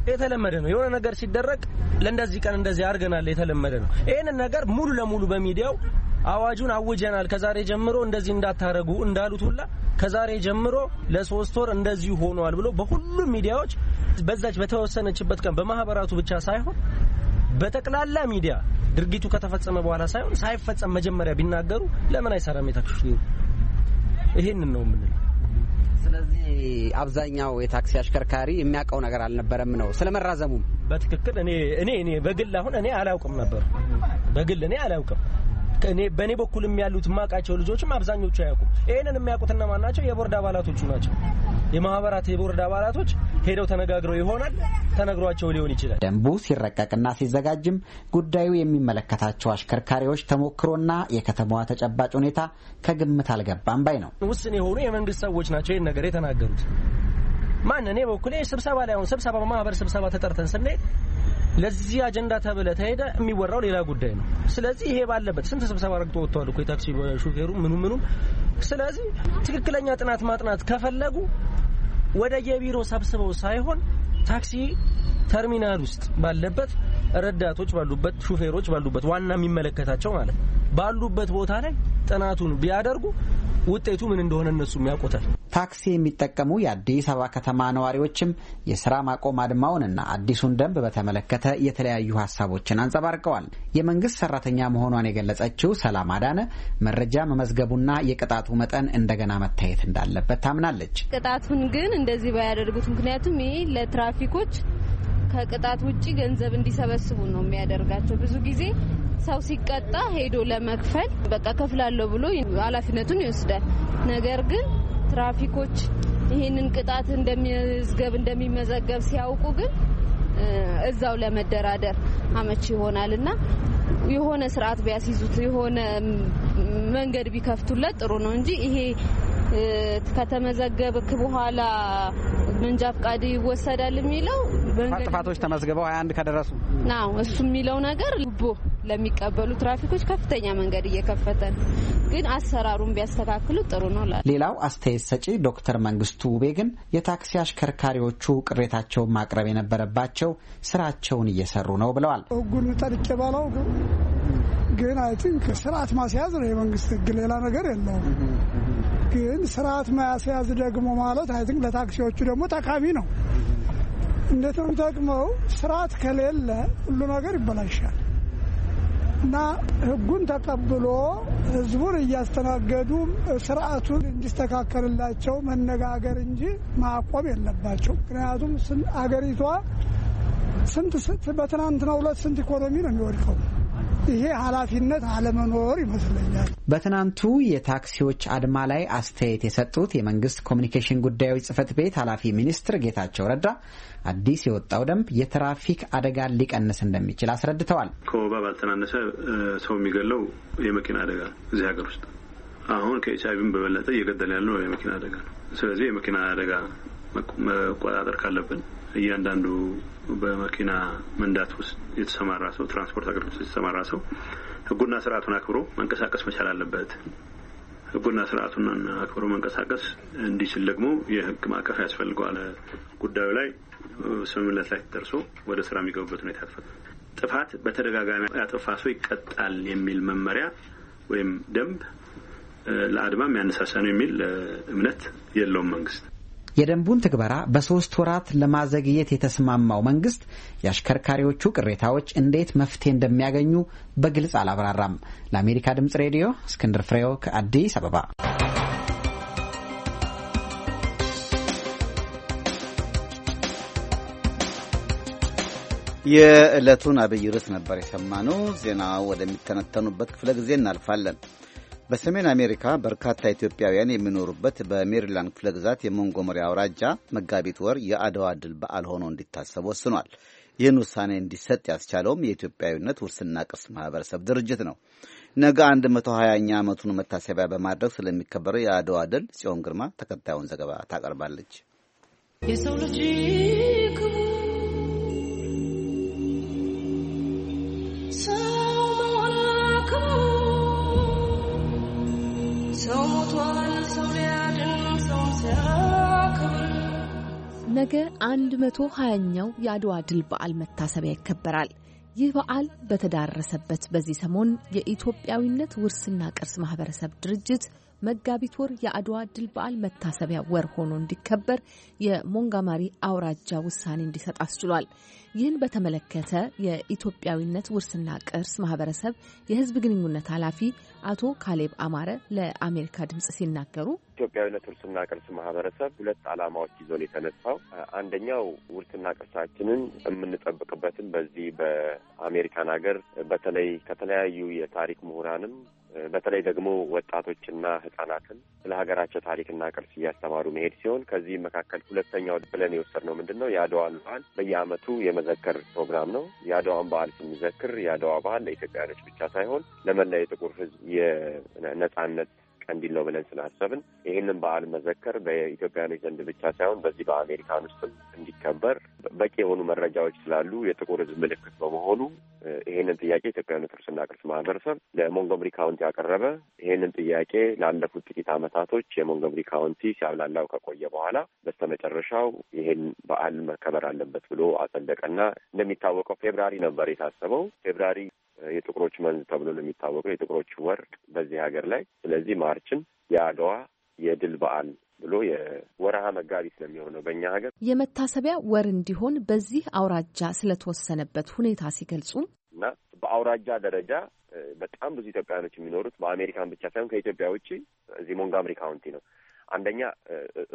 የተለመደ ነው። የሆነ ነገር ሲደረግ ለእንደዚህ ቀን እንደዚህ አድርገናል የተለመደ ነው። ይህንን ነገር ሙሉ ለሙሉ በሚዲያው አዋጁን አውጀናል፣ ከዛሬ ጀምሮ እንደዚህ እንዳታረጉ እንዳሉት ሁላ ከዛሬ ጀምሮ ለሶስት ወር እንደዚሁ ሆኗል ብሎ በሁሉም ሚዲያዎች በዛች በተወሰነችበት ቀን በማህበራቱ ብቻ ሳይሆን በጠቅላላ ሚዲያ ድርጊቱ ከተፈጸመ በኋላ ሳይሆን ሳይፈጸም መጀመሪያ ቢናገሩ ለምን አይሰራም የታክሲ ሹፌሩ? ይሄንን ነው የምንለው። ስለዚህ አብዛኛው የታክሲ አሽከርካሪ የሚያውቀው ነገር አልነበረም ነው ስለመራዘሙም በትክክል እኔ እኔ እኔ በግል አሁን እኔ አላውቅም ነበር በግል እኔ አላውቅም እኔ በእኔ በኩል ያሉት ማቃቸው ልጆችም አብዛኞቹ አያውቁም። ይህንን የሚያውቁት እነማን ናቸው? የቦርድ አባላቶቹ ናቸው። የማህበራት የቦርድ አባላቶች ሄደው ተነጋግረው ይሆናል ተነግሯቸው ሊሆን ይችላል። ደንቡ ሲረቀቅና ሲዘጋጅም ጉዳዩ የሚመለከታቸው አሽከርካሪዎች ተሞክሮና የከተማዋ ተጨባጭ ሁኔታ ከግምት አልገባም ባይ ነው። ውስን የሆኑ የመንግስት ሰዎች ናቸው ይህን ነገር የተናገሩት። ማን እኔ በኩሌ ስብሰባ ላይ አሁን ስብሰባ በማህበር ስብሰባ ተጠርተን ስንሄድ ለዚህ አጀንዳ ተብለ ተሄደ የሚወራው ሌላ ጉዳይ ነው። ስለዚህ ይሄ ባለበት ስንት ስብሰባ ረግጦ ወጥተዋል እኮ የታክሲ ሹፌሩ ምኑ ምኑ። ስለዚህ ትክክለኛ ጥናት ማጥናት ከፈለጉ ወደ የቢሮ ሰብስበው ሳይሆን ታክሲ ተርሚናል ውስጥ ባለበት ረዳቶች ባሉበት ሹፌሮች ባሉበት ዋና የሚመለከታቸው ማለት ነው ባሉበት ቦታ ላይ ጥናቱን ቢያደርጉ ውጤቱ ምን እንደሆነ እነሱ የሚያውቁታል። ታክሲ የሚጠቀሙ የአዲስ አበባ ከተማ ነዋሪዎችም የስራ ማቆም አድማውንና አዲሱን ደንብ በተመለከተ የተለያዩ ሀሳቦችን አንጸባርቀዋል። የመንግስት ሰራተኛ መሆኗን የገለጸችው ሰላም አዳነ መረጃ መመዝገቡና የቅጣቱ መጠን እንደገና መታየት እንዳለበት ታምናለች። ቅጣቱን ግን እንደዚህ ባያደርጉት፣ ምክንያቱም ይህ ለትራፊኮች ከቅጣት ውጭ ገንዘብ እንዲሰበስቡ ነው የሚያደርጋቸው። ብዙ ጊዜ ሰው ሲቀጣ ሄዶ ለመክፈል በቃ ከፍላለሁ ብሎ ኃላፊነቱን ይወስዳል። ነገር ግን ትራፊኮች ይህንን ቅጣት እንደሚዝገብ እንደሚመዘገብ ሲያውቁ ግን እዛው ለመደራደር አመች ይሆናል እና የሆነ ስርዓት ቢያስይዙት የሆነ መንገድ ቢከፍቱለት ጥሩ ነው እንጂ ይሄ ከተመዘገብክ በኋላ መንጃ ፍቃድ ይወሰዳል የሚለው ጥፋቶች ተመዝግበው 21 ከደረሱ ናው እሱ የሚለው ነገር ጉቦ ለሚቀበሉ ትራፊኮች ከፍተኛ መንገድ እየከፈተ ነው። ግን አሰራሩን ቢያስተካክሉ ጥሩ ነው። ሌላው አስተያየት ሰጪ ዶክተር መንግስቱ ውቤ ግን የታክሲ አሽከርካሪዎቹ ቅሬታቸውን ማቅረብ የነበረባቸው ስራቸውን እየሰሩ ነው ብለዋል። ህጉን ጠልቄ ባለው ግን አይ ቲንክ ስርዓት ማስያዝ ነው የመንግስት ህግ፣ ሌላ ነገር የለውም። ግን ስርዓት ማስያዝ ደግሞ ማለት አይ ቲንክ ለታክሲዎቹ ደግሞ ጠቃሚ ነው። እንዴት ነው የሚጠቅመው? ስርዓት ከሌለ ሁሉ ነገር ይበላሻል። እና ህጉን ተቀብሎ ህዝቡን እያስተናገዱ ስርዓቱን እንዲስተካከልላቸው መነጋገር እንጂ ማቆም የለባቸው። ምክንያቱም አገሪቷ ስንት በትናንትናው ዕለት ስንት ኢኮኖሚ ነው የሚወድቀው ይሄ ኃላፊነት አለመኖር ይመስለኛል። በትናንቱ የታክሲዎች አድማ ላይ አስተያየት የሰጡት የመንግስት ኮሚኒኬሽን ጉዳዮች ጽህፈት ቤት ኃላፊ ሚኒስትር ጌታቸው ረዳ አዲስ የወጣው ደንብ የትራፊክ አደጋን ሊቀንስ እንደሚችል አስረድተዋል። ከወባ ባልተናነሰ ሰው የሚገለው የመኪና አደጋ እዚህ ሀገር ውስጥ አሁን ከኤች አይቪም በበለጠ እየገደለ ያለው የመኪና አደጋ ነው። ስለዚህ የመኪና አደጋ መቆጣጠር ካለብን እያንዳንዱ በመኪና መንዳት ውስጥ የተሰማራ ሰው፣ ትራንስፖርት አገልግሎት የተሰማራ ሰው ህጉና ስርዓቱን አክብሮ መንቀሳቀስ መቻል አለበት። ህጉና ስርዓቱን አክብሮ መንቀሳቀስ እንዲችል ደግሞ የህግ ማዕቀፍ ያስፈልገዋል። ጉዳዩ ላይ ስምምነት ላይ ተደርሶ ወደ ስራ የሚገቡበት ሁኔታ ያስፈልጋል። ጥፋት በተደጋጋሚ ያጠፋ ሰው ይቀጣል የሚል መመሪያ ወይም ደንብ ለአድማ የሚያነሳሳ ነው የሚል እምነት የለውም መንግስት። የደንቡን ትግበራ በሶስት ወራት ለማዘግየት የተስማማው መንግስት የአሽከርካሪዎቹ ቅሬታዎች እንዴት መፍትሄ እንደሚያገኙ በግልጽ አላብራራም። ለአሜሪካ ድምጽ ሬዲዮ እስክንድር ፍሬው ከአዲስ አበባ። የዕለቱን አብይ ርዕስ ነበር የሰማነው። ዜና ወደሚተነተኑበት ክፍለ ጊዜ እናልፋለን። በሰሜን አሜሪካ በርካታ ኢትዮጵያውያን የሚኖሩበት በሜሪላንድ ክፍለ ግዛት የሞንጎመሪ አውራጃ መጋቢት ወር የአድዋ ድል በዓል ሆኖ እንዲታሰብ ወስኗል። ይህን ውሳኔ እንዲሰጥ ያስቻለውም የኢትዮጵያዊነት ውርስና ቅርስ ማህበረሰብ ድርጅት ነው። ነገ 120ኛ ዓመቱን መታሰቢያ በማድረግ ስለሚከበረው የአድዋ ድል ጽዮን ግርማ ተከታዩን ዘገባ ታቀርባለች። የሰው ልጅ ነገ 120ኛው የአድዋ ድል በዓል መታሰቢያ ይከበራል። ይህ በዓል በተዳረሰበት በዚህ ሰሞን የኢትዮጵያዊነት ውርስና ቅርስ ማህበረሰብ ድርጅት መጋቢት ወር የአድዋ ድል በዓል መታሰቢያ ወር ሆኖ እንዲከበር የሞንጋማሪ አውራጃ ውሳኔ እንዲሰጥ አስችሏል። ይህን በተመለከተ የኢትዮጵያዊነት ውርስና ቅርስ ማህበረሰብ የህዝብ ግንኙነት ኃላፊ አቶ ካሌብ አማረ ለአሜሪካ ድምጽ ሲናገሩ ኢትዮጵያዊነት ውርስና ቅርስ ማህበረሰብ ሁለት ዓላማዎች ይዞን የተነሳው አንደኛው ውርስና ቅርሳችንን የምንጠብቅበትን በዚህ በአሜሪካን ሀገር በተለይ ከተለያዩ የታሪክ ምሁራንም በተለይ ደግሞ ወጣቶችና ህጻናትን ስለ ሀገራቸው ታሪክና ቅርስ እያስተማሩ መሄድ ሲሆን ከዚህ መካከል ሁለተኛው ብለን የወሰድነው ምንድን ነው የአድዋን በዓል በየአመቱ የመዘከር ፕሮግራም ነው። የአድዋን በዓል ስንዘክር የአድዋ በዓል ለኢትዮጵያውያኖች ብቻ ሳይሆን ለመላ የጥቁር ህዝብ የነጻነት እንዲል ነው ብለን ስላሰብን ይህንን በዓል መዘከር በኢትዮጵያኖች ዘንድ ብቻ ሳይሆን በዚህ በአሜሪካን ውስጥም እንዲከበር በቂ የሆኑ መረጃዎች ስላሉ የጥቁር ሕዝብ ምልክት በመሆኑ ይህንን ጥያቄ ኢትዮጵያ ክርስትና ቅርስ ማህበረሰብ ለሞንጎምሪ ካውንቲ ያቀረበ ይህንን ጥያቄ ላለፉት ጥቂት ዓመታቶች የሞንጎምሪ ካውንቲ ሲያብላላው ከቆየ በኋላ በስተመጨረሻው ይህን በዓል መከበር አለበት ብሎ አጸደቀና እንደሚታወቀው ፌብራሪ ነበር የታሰበው ፌብራሪ የጥቁሮች መንዝ ተብሎ ነው የሚታወቀው የጥቁሮች ወር በዚህ ሀገር ላይ። ስለዚህ ማርችን የአድዋ የድል በዓል ብሎ የወረሃ መጋቢት ነው የሚሆነው በእኛ ሀገር። የመታሰቢያ ወር እንዲሆን በዚህ አውራጃ ስለተወሰነበት ሁኔታ ሲገልጹ እና በአውራጃ ደረጃ በጣም ብዙ ኢትዮጵያውያኖች የሚኖሩት በአሜሪካን ብቻ ሳይሆን ከኢትዮጵያ ውጭ እዚህ ሞንጋምሪ ካውንቲ ነው። አንደኛ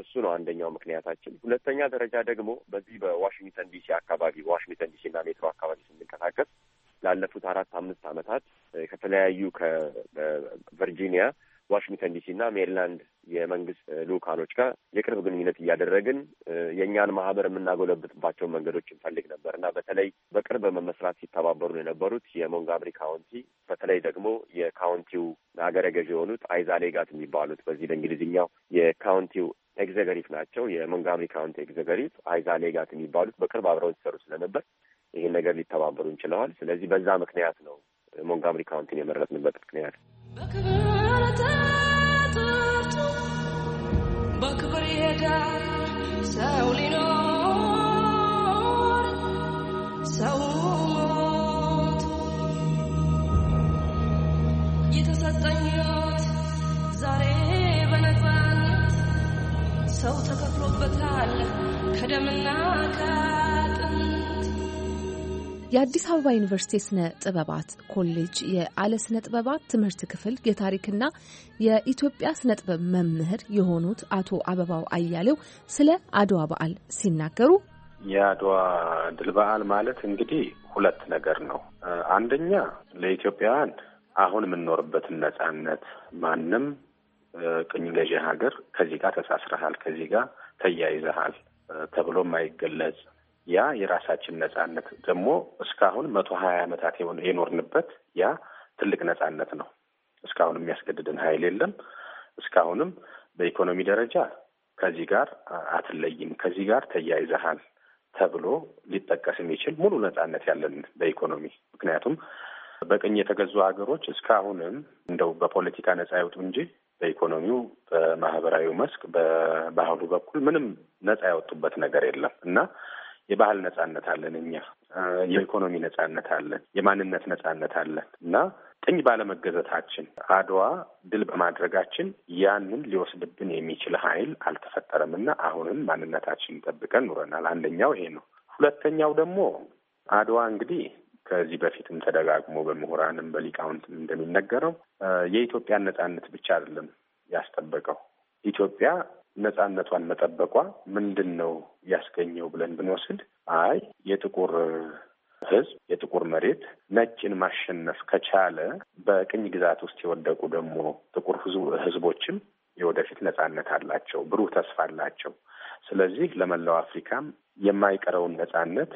እሱ ነው አንደኛው ምክንያታችን። ሁለተኛ ደረጃ ደግሞ በዚህ በዋሽንግተን ዲሲ አካባቢ ዋሽንግተን ዲሲ እና ሜትሮ አካባቢ ስንንቀሳቀስ ላለፉት አራት አምስት ዓመታት ከተለያዩ ከቨርጂኒያ ዋሽንግተን ዲሲ እና ሜሪላንድ የመንግስት ልኡካኖች ጋር የቅርብ ግንኙነት እያደረግን የእኛን ማህበር የምናጎለብትባቸውን መንገዶች እንፈልግ ነበር እና በተለይ በቅርብ መመስራት ሲተባበሩን የነበሩት የሞንጋብሪ ካውንቲ በተለይ ደግሞ የካውንቲው ሀገረ ገዥ የሆኑት አይዛሌጋት የሚባሉት በዚህ በእንግሊዝኛው የካውንቲው ኤግዘገሪፍ ናቸው። የሞንጋብሪ ካውንቲ ኤግዘገሪፍ አይዛሌጋት የሚባሉት በቅርብ አብረውን ሲሰሩ ስለነበር ይሄን ነገር ሊተባበሩ እንችለዋል ስለዚህ በዛ ምክንያት ነው ሞንጋምሪ ካውንቲን የመረጥንበት ምክንያት በክብር ይሄዳል ሰው ሊኖር ሰው ሞት ዛሬ በነፃነት ሰው ተከፍሎበታል ከደምና ከ የአዲስ አበባ ዩኒቨርሲቲ ስነ ጥበባት ኮሌጅ የአለ ስነ ጥበባት ትምህርት ክፍል የታሪክና የኢትዮጵያ ስነ ጥበብ መምህር የሆኑት አቶ አበባው አያሌው ስለ አድዋ በዓል ሲናገሩ የአድዋ ድል በዓል ማለት እንግዲህ ሁለት ነገር ነው። አንደኛ ለኢትዮጵያውያን አሁን የምንኖርበትን ነጻነት ማንም ቅኝ ገዢ ሀገር ከዚህ ጋር ተሳስረሃል፣ ከዚህ ጋር ተያይዘሃል ተብሎ የማይገለጽ ያ የራሳችን ነጻነት ደግሞ እስካሁን መቶ ሀያ ዓመታት የኖርንበት ያ ትልቅ ነጻነት ነው። እስካሁን የሚያስገድድን ኃይል የለም። እስካሁንም በኢኮኖሚ ደረጃ ከዚህ ጋር አትለይም፣ ከዚህ ጋር ተያይዘሃል ተብሎ ሊጠቀስ የሚችል ሙሉ ነጻነት ያለን በኢኮኖሚ ምክንያቱም በቅኝ የተገዙ ሀገሮች እስካሁንም እንደው በፖለቲካ ነጻ ይወጡ እንጂ በኢኮኖሚው በማህበራዊ መስክ በባህሉ በኩል ምንም ነጻ ያወጡበት ነገር የለም እና የባህል ነጻነት አለን፣ እኛ የኢኮኖሚ ነጻነት አለን፣ የማንነት ነጻነት አለን እና ጥኝ ባለመገዘታችን አድዋ ድል በማድረጋችን ያንን ሊወስድብን የሚችል ኃይል አልተፈጠረም እና አሁንም ማንነታችንን ጠብቀን ኑረናል። አንደኛው ይሄ ነው። ሁለተኛው ደግሞ አድዋ እንግዲህ ከዚህ በፊትም ተደጋግሞ በምሁራንም በሊቃውንትም እንደሚነገረው የኢትዮጵያን ነጻነት ብቻ አይደለም ያስጠበቀው ኢትዮጵያ ነጻነቷን መጠበቋ ምንድን ነው ያስገኘው ብለን ብንወስድ፣ አይ የጥቁር ህዝብ የጥቁር መሬት ነጭን ማሸነፍ ከቻለ በቅኝ ግዛት ውስጥ የወደቁ ደግሞ ጥቁር ህዝቦችም የወደፊት ነጻነት አላቸው፣ ብሩህ ተስፋ አላቸው። ስለዚህ ለመላው አፍሪካም የማይቀረውን ነጻነት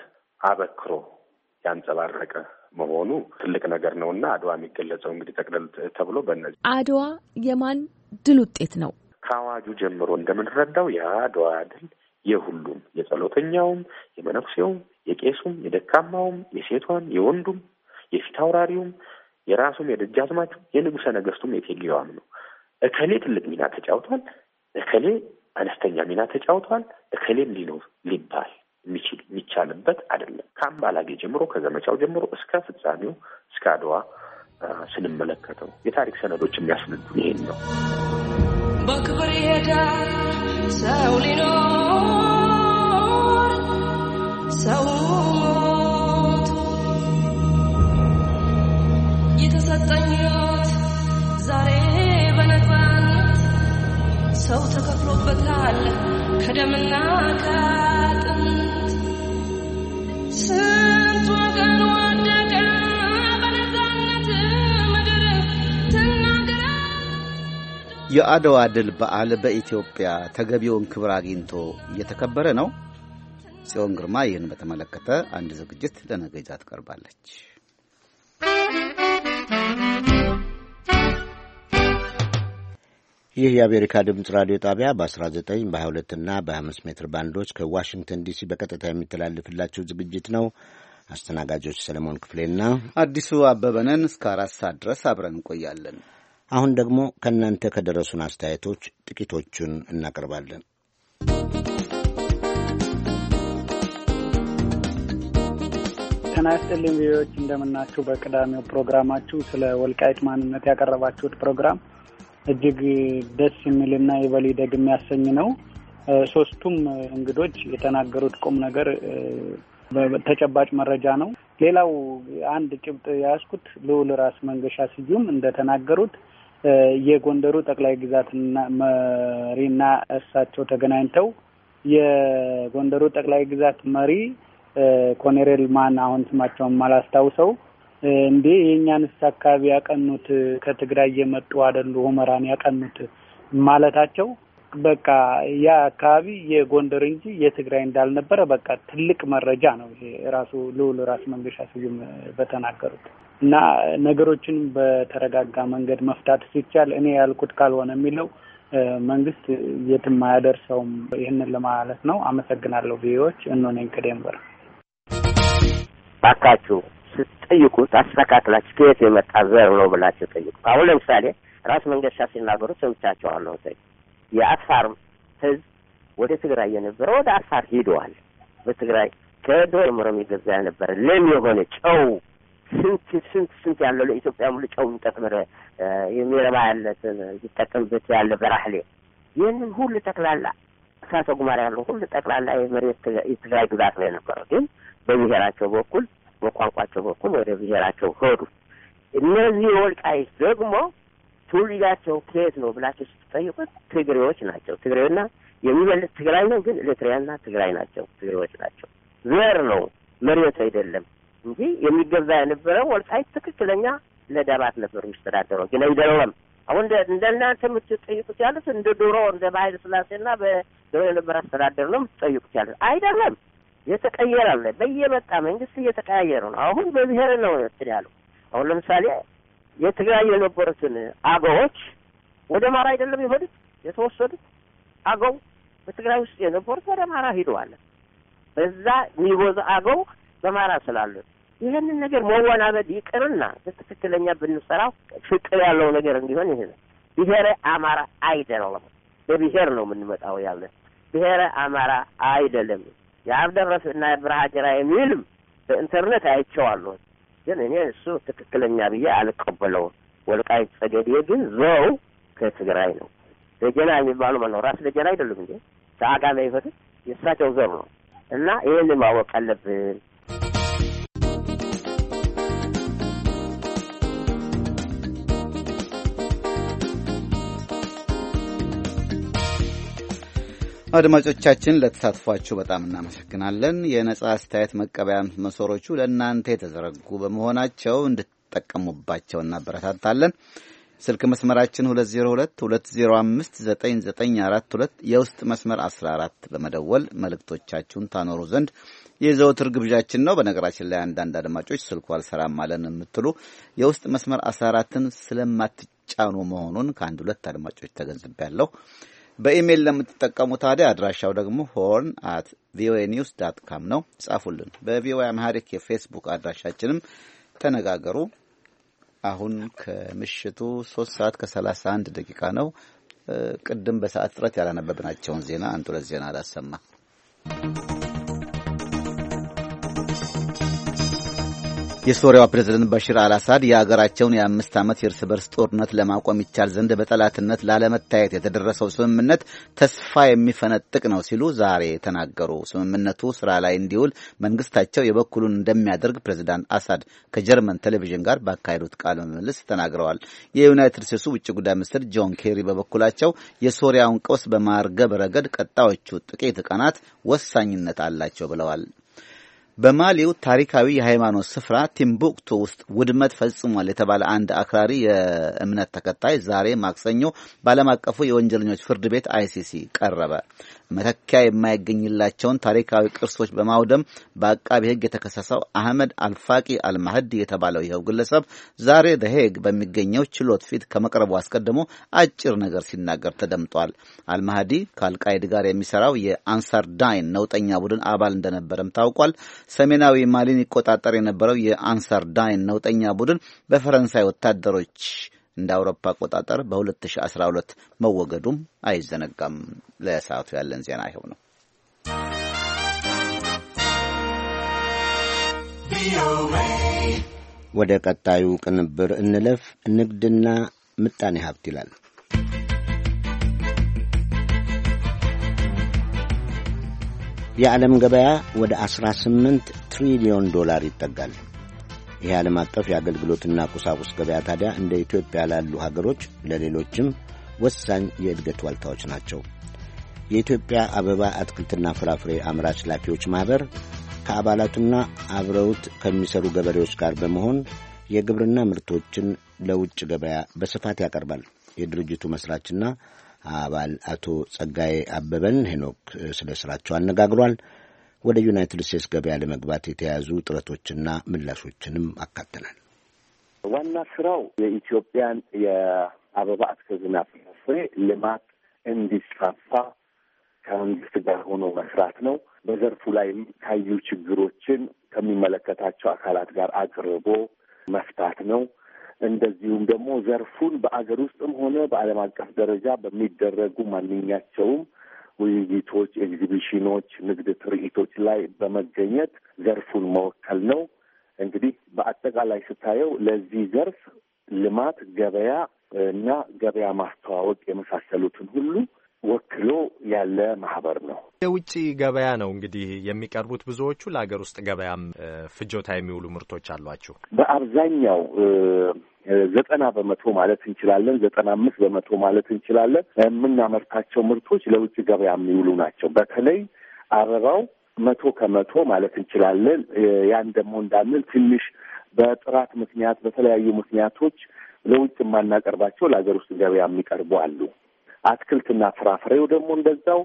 አበክሮ ያንጸባረቀ መሆኑ ትልቅ ነገር ነው እና አድዋ የሚገለጸው እንግዲህ ጠቅለል ተብሎ በነዚህ አድዋ የማን ድል ውጤት ነው? ከአዋጁ ጀምሮ እንደምንረዳው የአድዋ ድል የሁሉም የጸሎተኛውም፣ የመነኩሴውም፣ የቄሱም፣ የደካማውም፣ የሴቷን፣ የወንዱም፣ የፊት አውራሪውም፣ የራሱም፣ የደጃዝማቹ፣ የንጉሰ ነገስቱም፣ የቴጌዋም ነው። እከሌ ትልቅ ሚና ተጫውቷል፣ እከሌ አነስተኛ ሚና ተጫውቷል፣ እከሌም ሊኖር ሊባል የሚችል የሚቻልበት አይደለም። ከአምባላጌ ጀምሮ ከዘመቻው ጀምሮ እስከ ፍጻሜው እስከ አድዋ ስንመለከተው የታሪክ ሰነዶች የሚያስነዱ ይሄን ነው። በክብር ይሄዳል ሰው ሊኖር ሰው ሞቶ የተሰጠኝ ዛሬ በነፃነት ሰው ተከፍሎበታል ከደምና ከአጥንት ስንት ወገኑ የአድዋ ድል በዓል በኢትዮጵያ ተገቢውን ክብር አግኝቶ እየተከበረ ነው። ጽዮን ግርማ ይህን በተመለከተ አንድ ዝግጅት ለነገ ይዛ ትቀርባለች። ይህ የአሜሪካ ድምፅ ራዲዮ ጣቢያ በ19 በ22 እና በ5 ሜትር ባንዶች ከዋሽንግተን ዲሲ በቀጥታ የሚተላለፍላቸው ዝግጅት ነው። አስተናጋጆች ሰለሞን ክፍሌና አዲሱ አበበ ነን። እስከ አራት ሰዓት ድረስ አብረን እንቆያለን። አሁን ደግሞ ከእናንተ ከደረሱን አስተያየቶች ጥቂቶቹን እናቀርባለን። ጤና ይስጥልኝ ቪዎች እንደምናችሁ። በቅዳሜው ፕሮግራማችሁ ስለ ወልቃይት ማንነት ያቀረባችሁት ፕሮግራም እጅግ ደስ የሚልና ይበል ይደግ የሚያሰኝ ነው። ሶስቱም እንግዶች የተናገሩት ቁም ነገር ተጨባጭ መረጃ ነው። ሌላው አንድ ጭብጥ ያዝኩት ልዑል ራስ መንገሻ ስዩም እንደተናገሩት የጎንደሩ ጠቅላይ ግዛት መሪና እሳቸው ተገናኝተው የጎንደሩ ጠቅላይ ግዛት መሪ ኮኔሬል ማን አሁን ስማቸውን ማላስታውሰው እንዴ የእኛንስ አካባቢ ያቀኑት ከትግራይ የመጡ አይደሉ ሁመራን ያቀኑት ማለታቸው በቃ ያ አካባቢ የጎንደር እንጂ የትግራይ እንዳልነበረ በቃ ትልቅ መረጃ ነው። ይሄ ራሱ ልዑል ራስ መንገሻ ስዩም በተናገሩት እና ነገሮችን በተረጋጋ መንገድ መፍታት ሲቻል እኔ ያልኩት ካልሆነ የሚለው መንግስት የትም አያደርሰውም። ይህንን ለማለት ነው። አመሰግናለሁ። ቪዎች እኖኔን ከደንበር ባካችሁ ስትጠይቁት አስተካክላችሁ ከየት የመጣ ዘር ነው ብላችሁ ጠይቁ። አሁን ለምሳሌ ራስ መንገሻ ሲናገሩ ሰምቻቸዋለሁ። የአፋር ህዝብ ወደ ትግራይ የነበረ ወደ አፋር ሂደዋል። በትግራይ ከዶር ምሮ የሚገዛ የነበረ ለም የሆነ ጨው ስንት ስንት ስንት ያለው ለኢትዮጵያ ሙሉ ጨው የሚጠቅመረ የሚረባ ያለትን ይጠቀምበት ያለ በራህሌ ይህንን ሁሉ ጠቅላላ እሳተ ጉማር ያለው ሁሉ ጠቅላላ የመሬት የተለያዩ ግዛት ነው የነበረው። ግን በብሔራቸው በኩል በቋንቋቸው በኩል ወደ ብሔራቸው ሄዱ። እነዚህ ወልቃይት ደግሞ ትውልዳቸው ከየት ነው ብላቸው ስትጠይቁት ትግሬዎች ናቸው። ትግሬና የሚበልጥ ትግራይ ነው፣ ግን ኤርትራያንና ትግራይ ናቸው። ትግሬዎች ናቸው። ዘር ነው መሬት አይደለም። እንጂ የሚገዛ የነበረው ወልቃይት ትክክለኛ ለደባት ነበር የሚስተዳደረው ግን አይደለም። አሁን እንደ እናንተ የምትጠይቁት ያሉት እንደ ዶሮ እንደ በኃይለ ሥላሴና በድሮ የነበረ አስተዳደር ነው የምትጠይቁት ያሉት አይደለም። የተቀየረ አለ። በየመጣ መንግስት እየተቀያየሩ ነው። አሁን በብሔር ነው እንትን ያሉ አሁን ለምሳሌ የትግራይ የነበሩትን አገዎች ወደ ማራ አይደለም የሆኑት የተወሰዱት አገው በትግራይ ውስጥ የነበሩት ወደ አማራ ሂደዋል። በዛ የሚጎዛ አገው በማራ ስላሉት ይህንን ነገር መወናበድ ይቅርና በትክክለኛ ብንሰራው ፍቅር ያለው ነገር እንዲሆን ይህ ነው። ብሔረ አማራ አይደለም። በብሔር ነው የምንመጣው ያለ ብሔረ አማራ አይደለም። የአብደረስ እና የብርሃ የሚልም በኢንተርኔት አይቼዋለሁ፣ ግን እኔ እሱ ትክክለኛ ብዬ አልቀበለውም። ወልቃይ ጠገዴ ግን ዘው ከትግራይ ነው። ደጀና የሚባሉ ማለት ነው። ራስ ደጀና አይደሉም እንዴ? ከአጋሜ ይፈትል የእሳቸው ዘር ነው እና ይህን ማወቅ አለብን። አድማጮቻችን ለተሳትፏችሁ በጣም እናመሰግናለን። የነጻ አስተያየት መቀበያ መሰሮቹ ለእናንተ የተዘረጉ በመሆናቸው እንድትጠቀሙባቸው እናበረታታለን። ስልክ መስመራችን 2022059942 የውስጥ መስመር 14 በመደወል መልእክቶቻችሁን ታኖሩ ዘንድ የዘወትር ግብዣችን ነው። በነገራችን ላይ አንዳንድ አድማጮች ስልኩ አልሰራም አለን የምትሉ የውስጥ መስመር 14ን ስለማትጫኑ መሆኑን ከአንድ ሁለት አድማጮች ተገንዝቤያለሁ። በኢሜይል ለምትጠቀሙ ታዲያ አድራሻው ደግሞ ሆርን አት ቪኦኤ ኒውስ ዳት ካም ነው። ጻፉልን። በቪኦኤ አምሃሪክ የፌስቡክ አድራሻችንም ተነጋገሩ። አሁን ከምሽቱ ሶስት ሰዓት ከሰላሳ አንድ ደቂቃ ነው። ቅድም በሰዓት ጥረት ያላነበብናቸውን ዜና አንድ ሁለት ዜና አላሰማ የሶሪያው ፕሬዝደንት በሽር አልአሳድ የአገራቸውን የአምስት ዓመት የእርስ በርስ ጦርነት ለማቆም ይቻል ዘንድ በጠላትነት ላለመታየት የተደረሰው ስምምነት ተስፋ የሚፈነጥቅ ነው ሲሉ ዛሬ ተናገሩ። ስምምነቱ ስራ ላይ እንዲውል መንግስታቸው የበኩሉን እንደሚያደርግ ፕሬዝዳንት አሳድ ከጀርመን ቴሌቪዥን ጋር ባካሄዱት ቃለ ምልልስ ተናግረዋል። የዩናይትድ ስቴትሱ ውጭ ጉዳይ ሚኒስትር ጆን ኬሪ በበኩላቸው የሶሪያውን ቀውስ በማርገብ ረገድ ቀጣዮቹ ጥቂት ቀናት ወሳኝነት አላቸው ብለዋል። በማሊው ታሪካዊ የሃይማኖት ስፍራ ቲምቡክቱ ውስጥ ውድመት ፈጽሟል የተባለ አንድ አክራሪ የእምነት ተከታይ ዛሬ ማክሰኞ በዓለም አቀፉ የወንጀለኞች ፍርድ ቤት አይሲሲ ቀረበ። መተኪያ የማይገኝላቸውን ታሪካዊ ቅርሶች በማውደም በአቃቢ ሕግ የተከሰሰው አህመድ አልፋቂ አልማህዲ የተባለው ይኸው ግለሰብ ዛሬ ደሄግ በሚገኘው ችሎት ፊት ከመቅረቡ አስቀድሞ አጭር ነገር ሲናገር ተደምጧል። አልማህዲ ከአልቃይድ ጋር የሚሰራው የአንሳር ዳይን ነውጠኛ ቡድን አባል እንደነበረም ታውቋል። ሰሜናዊ ማሊን ይቆጣጠር የነበረው የአንሳር ዳይን ነውጠኛ ቡድን በፈረንሳይ ወታደሮች እንደ አውሮፓ አቆጣጠር በ2012 መወገዱም አይዘነጋም። ለሰዓቱ ያለን ዜና ይኸው ነው። ወደ ቀጣዩ ቅንብር እንለፍ። ንግድና ምጣኔ ሀብት ይላል። የዓለም ገበያ ወደ 18 ትሪሊዮን ዶላር ይጠጋል። ይህ ዓለም አቀፍ የአገልግሎትና ቁሳቁስ ገበያ ታዲያ እንደ ኢትዮጵያ ላሉ ሀገሮች ለሌሎችም ወሳኝ የእድገት ዋልታዎች ናቸው። የኢትዮጵያ አበባ አትክልትና ፍራፍሬ አምራች ላኪዎች ማኅበር ከአባላቱና አብረውት ከሚሰሩ ገበሬዎች ጋር በመሆን የግብርና ምርቶችን ለውጭ ገበያ በስፋት ያቀርባል። የድርጅቱ መሥራችና አባል አቶ ጸጋዬ አበበን ሄኖክ ስለ ሥራቸው አነጋግሯል። ወደ ዩናይትድ ስቴትስ ገበያ ለመግባት የተያዙ ጥረቶችና ምላሾችንም አካተናል። ዋና ስራው የኢትዮጵያን የአበባ አትክልትና ፍራፍሬ ልማት እንዲስፋፋ ከመንግስት ጋር ሆኖ መስራት ነው። በዘርፉ ላይ የሚታዩ ችግሮችን ከሚመለከታቸው አካላት ጋር አቅርቦ መፍታት ነው። እንደዚሁም ደግሞ ዘርፉን በአገር ውስጥም ሆነ በዓለም አቀፍ ደረጃ በሚደረጉ ማንኛቸውም ውይይቶች፣ ኤግዚቢሽኖች፣ ንግድ ትርኢቶች ላይ በመገኘት ዘርፉን መወከል ነው። እንግዲህ በአጠቃላይ ስታየው ለዚህ ዘርፍ ልማት፣ ገበያ እና ገበያ ማስተዋወቅ የመሳሰሉትን ሁሉ ወክሎ ያለ ማህበር ነው። የውጭ ገበያ ነው እንግዲህ የሚቀርቡት ብዙዎቹ። ለሀገር ውስጥ ገበያም ፍጆታ የሚውሉ ምርቶች አሏችሁ በአብዛኛው ዘጠና በመቶ ማለት እንችላለን፣ ዘጠና አምስት በመቶ ማለት እንችላለን የምናመርታቸው ምርቶች ለውጭ ገበያ የሚውሉ ናቸው። በተለይ አበባው መቶ ከመቶ ማለት እንችላለን። ያን ደግሞ እንዳንል ትንሽ በጥራት ምክንያት በተለያዩ ምክንያቶች ለውጭ የማናቀርባቸው ለሀገር ውስጥ ገበያ የሚቀርቡ አሉ። አትክልትና ፍራፍሬው ደግሞ እንደዛው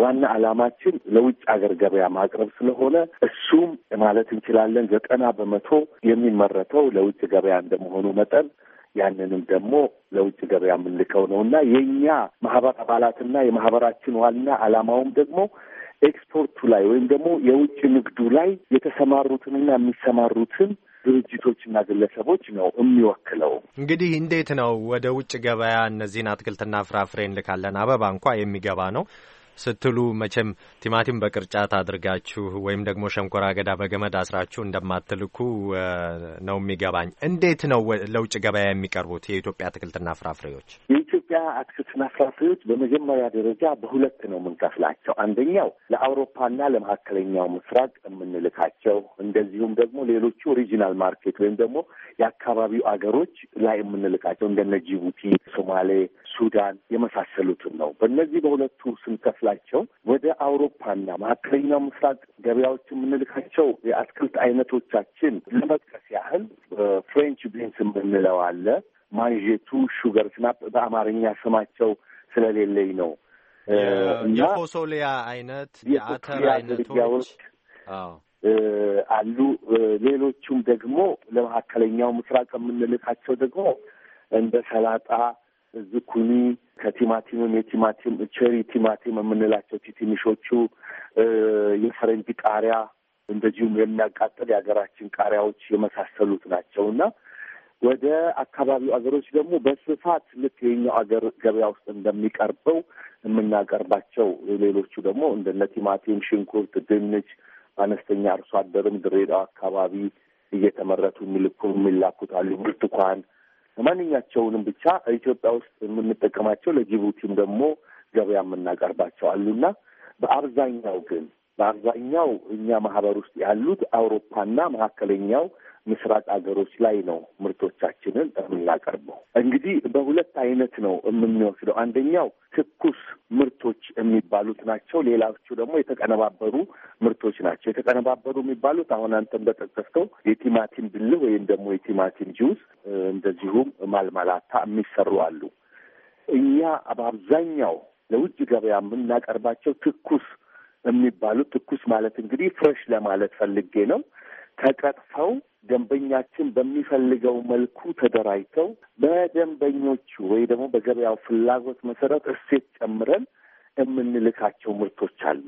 ዋና ዓላማችን ለውጭ አገር ገበያ ማቅረብ ስለሆነ እሱም ማለት እንችላለን ዘጠና በመቶ የሚመረተው ለውጭ ገበያ እንደመሆኑ መጠን ያንንም ደግሞ ለውጭ ገበያ የምንልከው ነው እና የእኛ ማህበር አባላትና የማህበራችን ዋና ዓላማውም ደግሞ ኤክስፖርቱ ላይ ወይም ደግሞ የውጭ ንግዱ ላይ የተሰማሩትንና የሚሰማሩትን ድርጅቶችና ግለሰቦች ነው የሚወክለው። እንግዲህ እንዴት ነው ወደ ውጭ ገበያ እነዚህን አትክልትና ፍራፍሬ እንልካለን? አበባ እንኳ የሚገባ ነው። ስትሉ መቼም ቲማቲም በቅርጫት አድርጋችሁ ወይም ደግሞ ሸንኮራ አገዳ በገመድ አስራችሁ እንደማትልኩ ነው የሚገባኝ። እንዴት ነው ለውጭ ገበያ የሚቀርቡት የኢትዮጵያ አትክልትና ፍራፍሬዎች? የኢትዮጵያ አትክልትና ፍራፍሬዎች በመጀመሪያ ደረጃ በሁለት ነው የምንከፍላቸው። አንደኛው ለአውሮፓና ለመካከለኛው ምስራቅ የምንልካቸው እንደዚሁም ደግሞ ሌሎቹ ኦሪጂናል ማርኬት ወይም ደግሞ የአካባቢው አገሮች ላይ የምንልካቸው እንደነ ጅቡቲ፣ ሶማሌ፣ ሱዳን የመሳሰሉትን ነው። በእነዚህ በሁለቱ ስንከፍላቸው ወደ አውሮፓና መካከለኛው ምስራቅ ገበያዎች የምንልካቸው የአትክልት አይነቶቻችን ለመጥቀስ ያህል ፍሬንች ቢንስ የምንለው አለ ማንዤቱ ሹገር ስናፕ በአማርኛ ስማቸው ስለሌለኝ ነው። የፎሶሊያ አይነት የአተር አይነቶች አሉ። ሌሎቹም ደግሞ ለመካከለኛው ምስራቅ የምንልካቸው ደግሞ እንደ ሰላጣ፣ ዝኩኒ ከቲማቲምም የቲማቲም ቸሪ ቲማቲም የምንላቸው ትንሾቹ የፈረንጅ ቃሪያ እንደዚሁም የሚያቃጥል የሀገራችን ቃሪያዎች የመሳሰሉት ናቸው እና ወደ አካባቢው አገሮች ደግሞ በስፋት ልክ የኛው አገር ገበያ ውስጥ እንደሚቀርበው የምናቀርባቸው ሌሎቹ ደግሞ እንደነ ቲማቲም፣ ሽንኩርት፣ ድንች በአነስተኛ አርሶ አደርም ድሬዳዋ አካባቢ እየተመረቱ የሚልኩ የሚላኩት አሉ። ብርቱካን፣ ማንኛቸውንም ብቻ ኢትዮጵያ ውስጥ የምንጠቀማቸው ለጅቡቲም ደግሞ ገበያ የምናቀርባቸው አሉና በአብዛኛው ግን በአብዛኛው እኛ ማህበር ውስጥ ያሉት አውሮፓና መካከለኛው ምስራቅ ሀገሮች ላይ ነው ምርቶቻችንን የምናቀርበው። እንግዲህ በሁለት አይነት ነው የምንወስደው። አንደኛው ትኩስ ምርቶች የሚባሉት ናቸው። ሌላዎቹ ደግሞ የተቀነባበሩ ምርቶች ናቸው። የተቀነባበሩ የሚባሉት አሁን አንተ እንደጠቀስከው የቲማቲም ብል ወይም ደግሞ የቲማቲም ጁስ፣ እንደዚሁም ማልማላታ የሚሰሩ አሉ። እኛ በአብዛኛው ለውጭ ገበያ የምናቀርባቸው ትኩስ የሚባሉት ትኩስ ማለት እንግዲህ ፍሬሽ ለማለት ፈልጌ ነው። ተቀጥፈው ደንበኛችን በሚፈልገው መልኩ ተደራጅተው በደንበኞቹ ወይ ደግሞ በገበያው ፍላጎት መሰረት እሴት ጨምረን የምንልካቸው ምርቶች አሉ።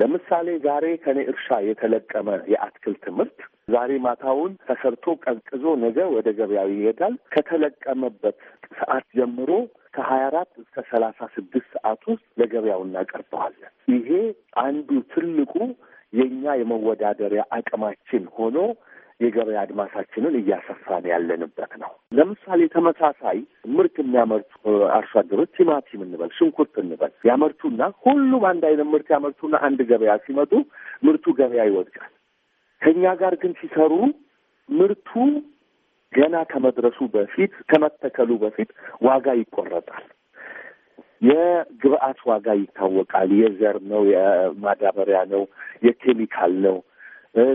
ለምሳሌ ዛሬ ከኔ እርሻ የተለቀመ የአትክልት ምርት ዛሬ ማታውን ተሰርቶ ቀዝቅዞ ነገ ወደ ገበያው ይሄዳል። ከተለቀመበት ሰዓት ጀምሮ ከሀያ አራት እስከ ሰላሳ ስድስት ሰዓት ውስጥ ለገበያው እናቀርበዋለን። ይሄ አንዱ ትልቁ የእኛ የመወዳደሪያ አቅማችን ሆኖ የገበያ አድማሳችንን እያሰፋን ያለንበት ነው። ለምሳሌ ተመሳሳይ ምርት የሚያመርቱ አርሶ አደሮች ቲማቲም እንበል፣ ሽንኩርት እንበል ያመርቱና ሁሉም አንድ አይነት ምርት ያመርቱና አንድ ገበያ ሲመጡ ምርቱ ገበያ ይወድቃል። ከእኛ ጋር ግን ሲሰሩ ምርቱ ገና ከመድረሱ በፊት ከመተከሉ በፊት ዋጋ ይቆረጣል። የግብአት ዋጋ ይታወቃል። የዘር ነው፣ የማዳበሪያ ነው፣ የኬሚካል ነው።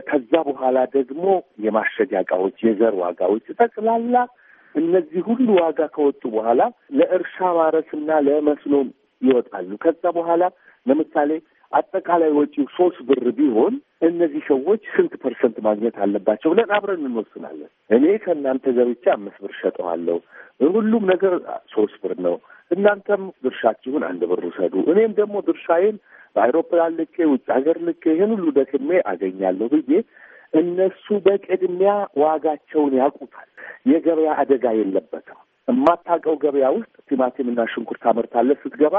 ከዛ በኋላ ደግሞ የማሸጊያ እቃዎች፣ የዘር ዋጋዎች ጠቅላላ እነዚህ ሁሉ ዋጋ ከወጡ በኋላ ለእርሻ ማረስና ለመስኖ ይወጣሉ። ከዛ በኋላ ለምሳሌ አጠቃላይ ወጪው ሶስት ብር ቢሆን እነዚህ ሰዎች ስንት ፐርሰንት ማግኘት አለባቸው ብለን አብረን እንወስናለን። እኔ ከእናንተ ዘብቻ አምስት ብር ሸጠዋለሁ። ሁሉም ነገር ሶስት ብር ነው። እናንተም ድርሻችሁን አንድ ብር ውሰዱ። እኔም ደግሞ ድርሻዬን በአይሮፕላን ልኬ ውጭ ሀገር ልኬ ይህን ሁሉ ደክሜ አገኛለሁ ብዬ እነሱ በቅድሚያ ዋጋቸውን ያውቁታል። የገበያ አደጋ የለበትም። የማታውቀው ገበያ ውስጥ ቲማቲምና ሽንኩርት ታመርታለህ ስትገባ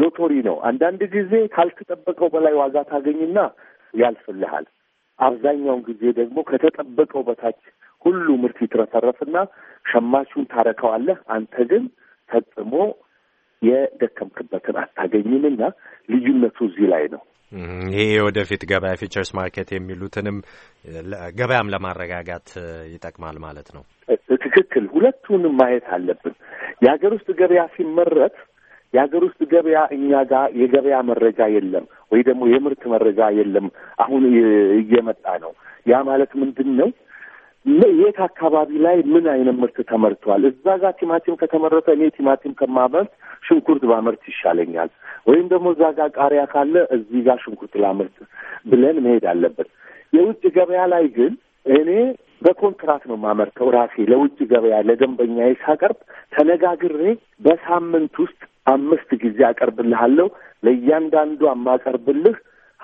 ሎቶሪ ነው። አንዳንድ ጊዜ ካልተጠበቀው በላይ ዋጋ ታገኝና ያልፍልሃል። አብዛኛውን ጊዜ ደግሞ ከተጠበቀው በታች ሁሉ ምርት ይትረፈረፍና ሸማቹን ታረከዋለህ። አንተ ግን ፈጽሞ የደከምክበትን አታገኝምና ልዩነቱ እዚህ ላይ ነው። ይሄ የወደፊት ገበያ ፊቸርስ ማርኬት የሚሉትንም ገበያም ለማረጋጋት ይጠቅማል ማለት ነው። ትክክል። ሁለቱንም ማየት አለብን። የሀገር ውስጥ ገበያ ሲመረት የሀገር ውስጥ ገበያ እኛ ጋር የገበያ መረጃ የለም ወይ ደግሞ የምርት መረጃ የለም። አሁን እየመጣ ነው። ያ ማለት ምንድን ነው? የት አካባቢ ላይ ምን አይነት ምርት ተመርቷል? እዛ ጋር ቲማቲም ከተመረተ እኔ ቲማቲም ከማመርት ሽንኩርት ባመርት ይሻለኛል፣ ወይም ደግሞ እዛ ጋር ቃሪያ ካለ እዚህ ጋር ሽንኩርት ላመርት ብለን መሄድ አለበት። የውጭ ገበያ ላይ ግን እኔ በኮንትራት ነው የማመርተው ራሴ ለውጭ ገበያ ለደንበኛ ሳቀርብ ተነጋግሬ በሳምንት ውስጥ አምስት ጊዜ አቀርብልሃለሁ። ለእያንዳንዱ የማቀርብልህ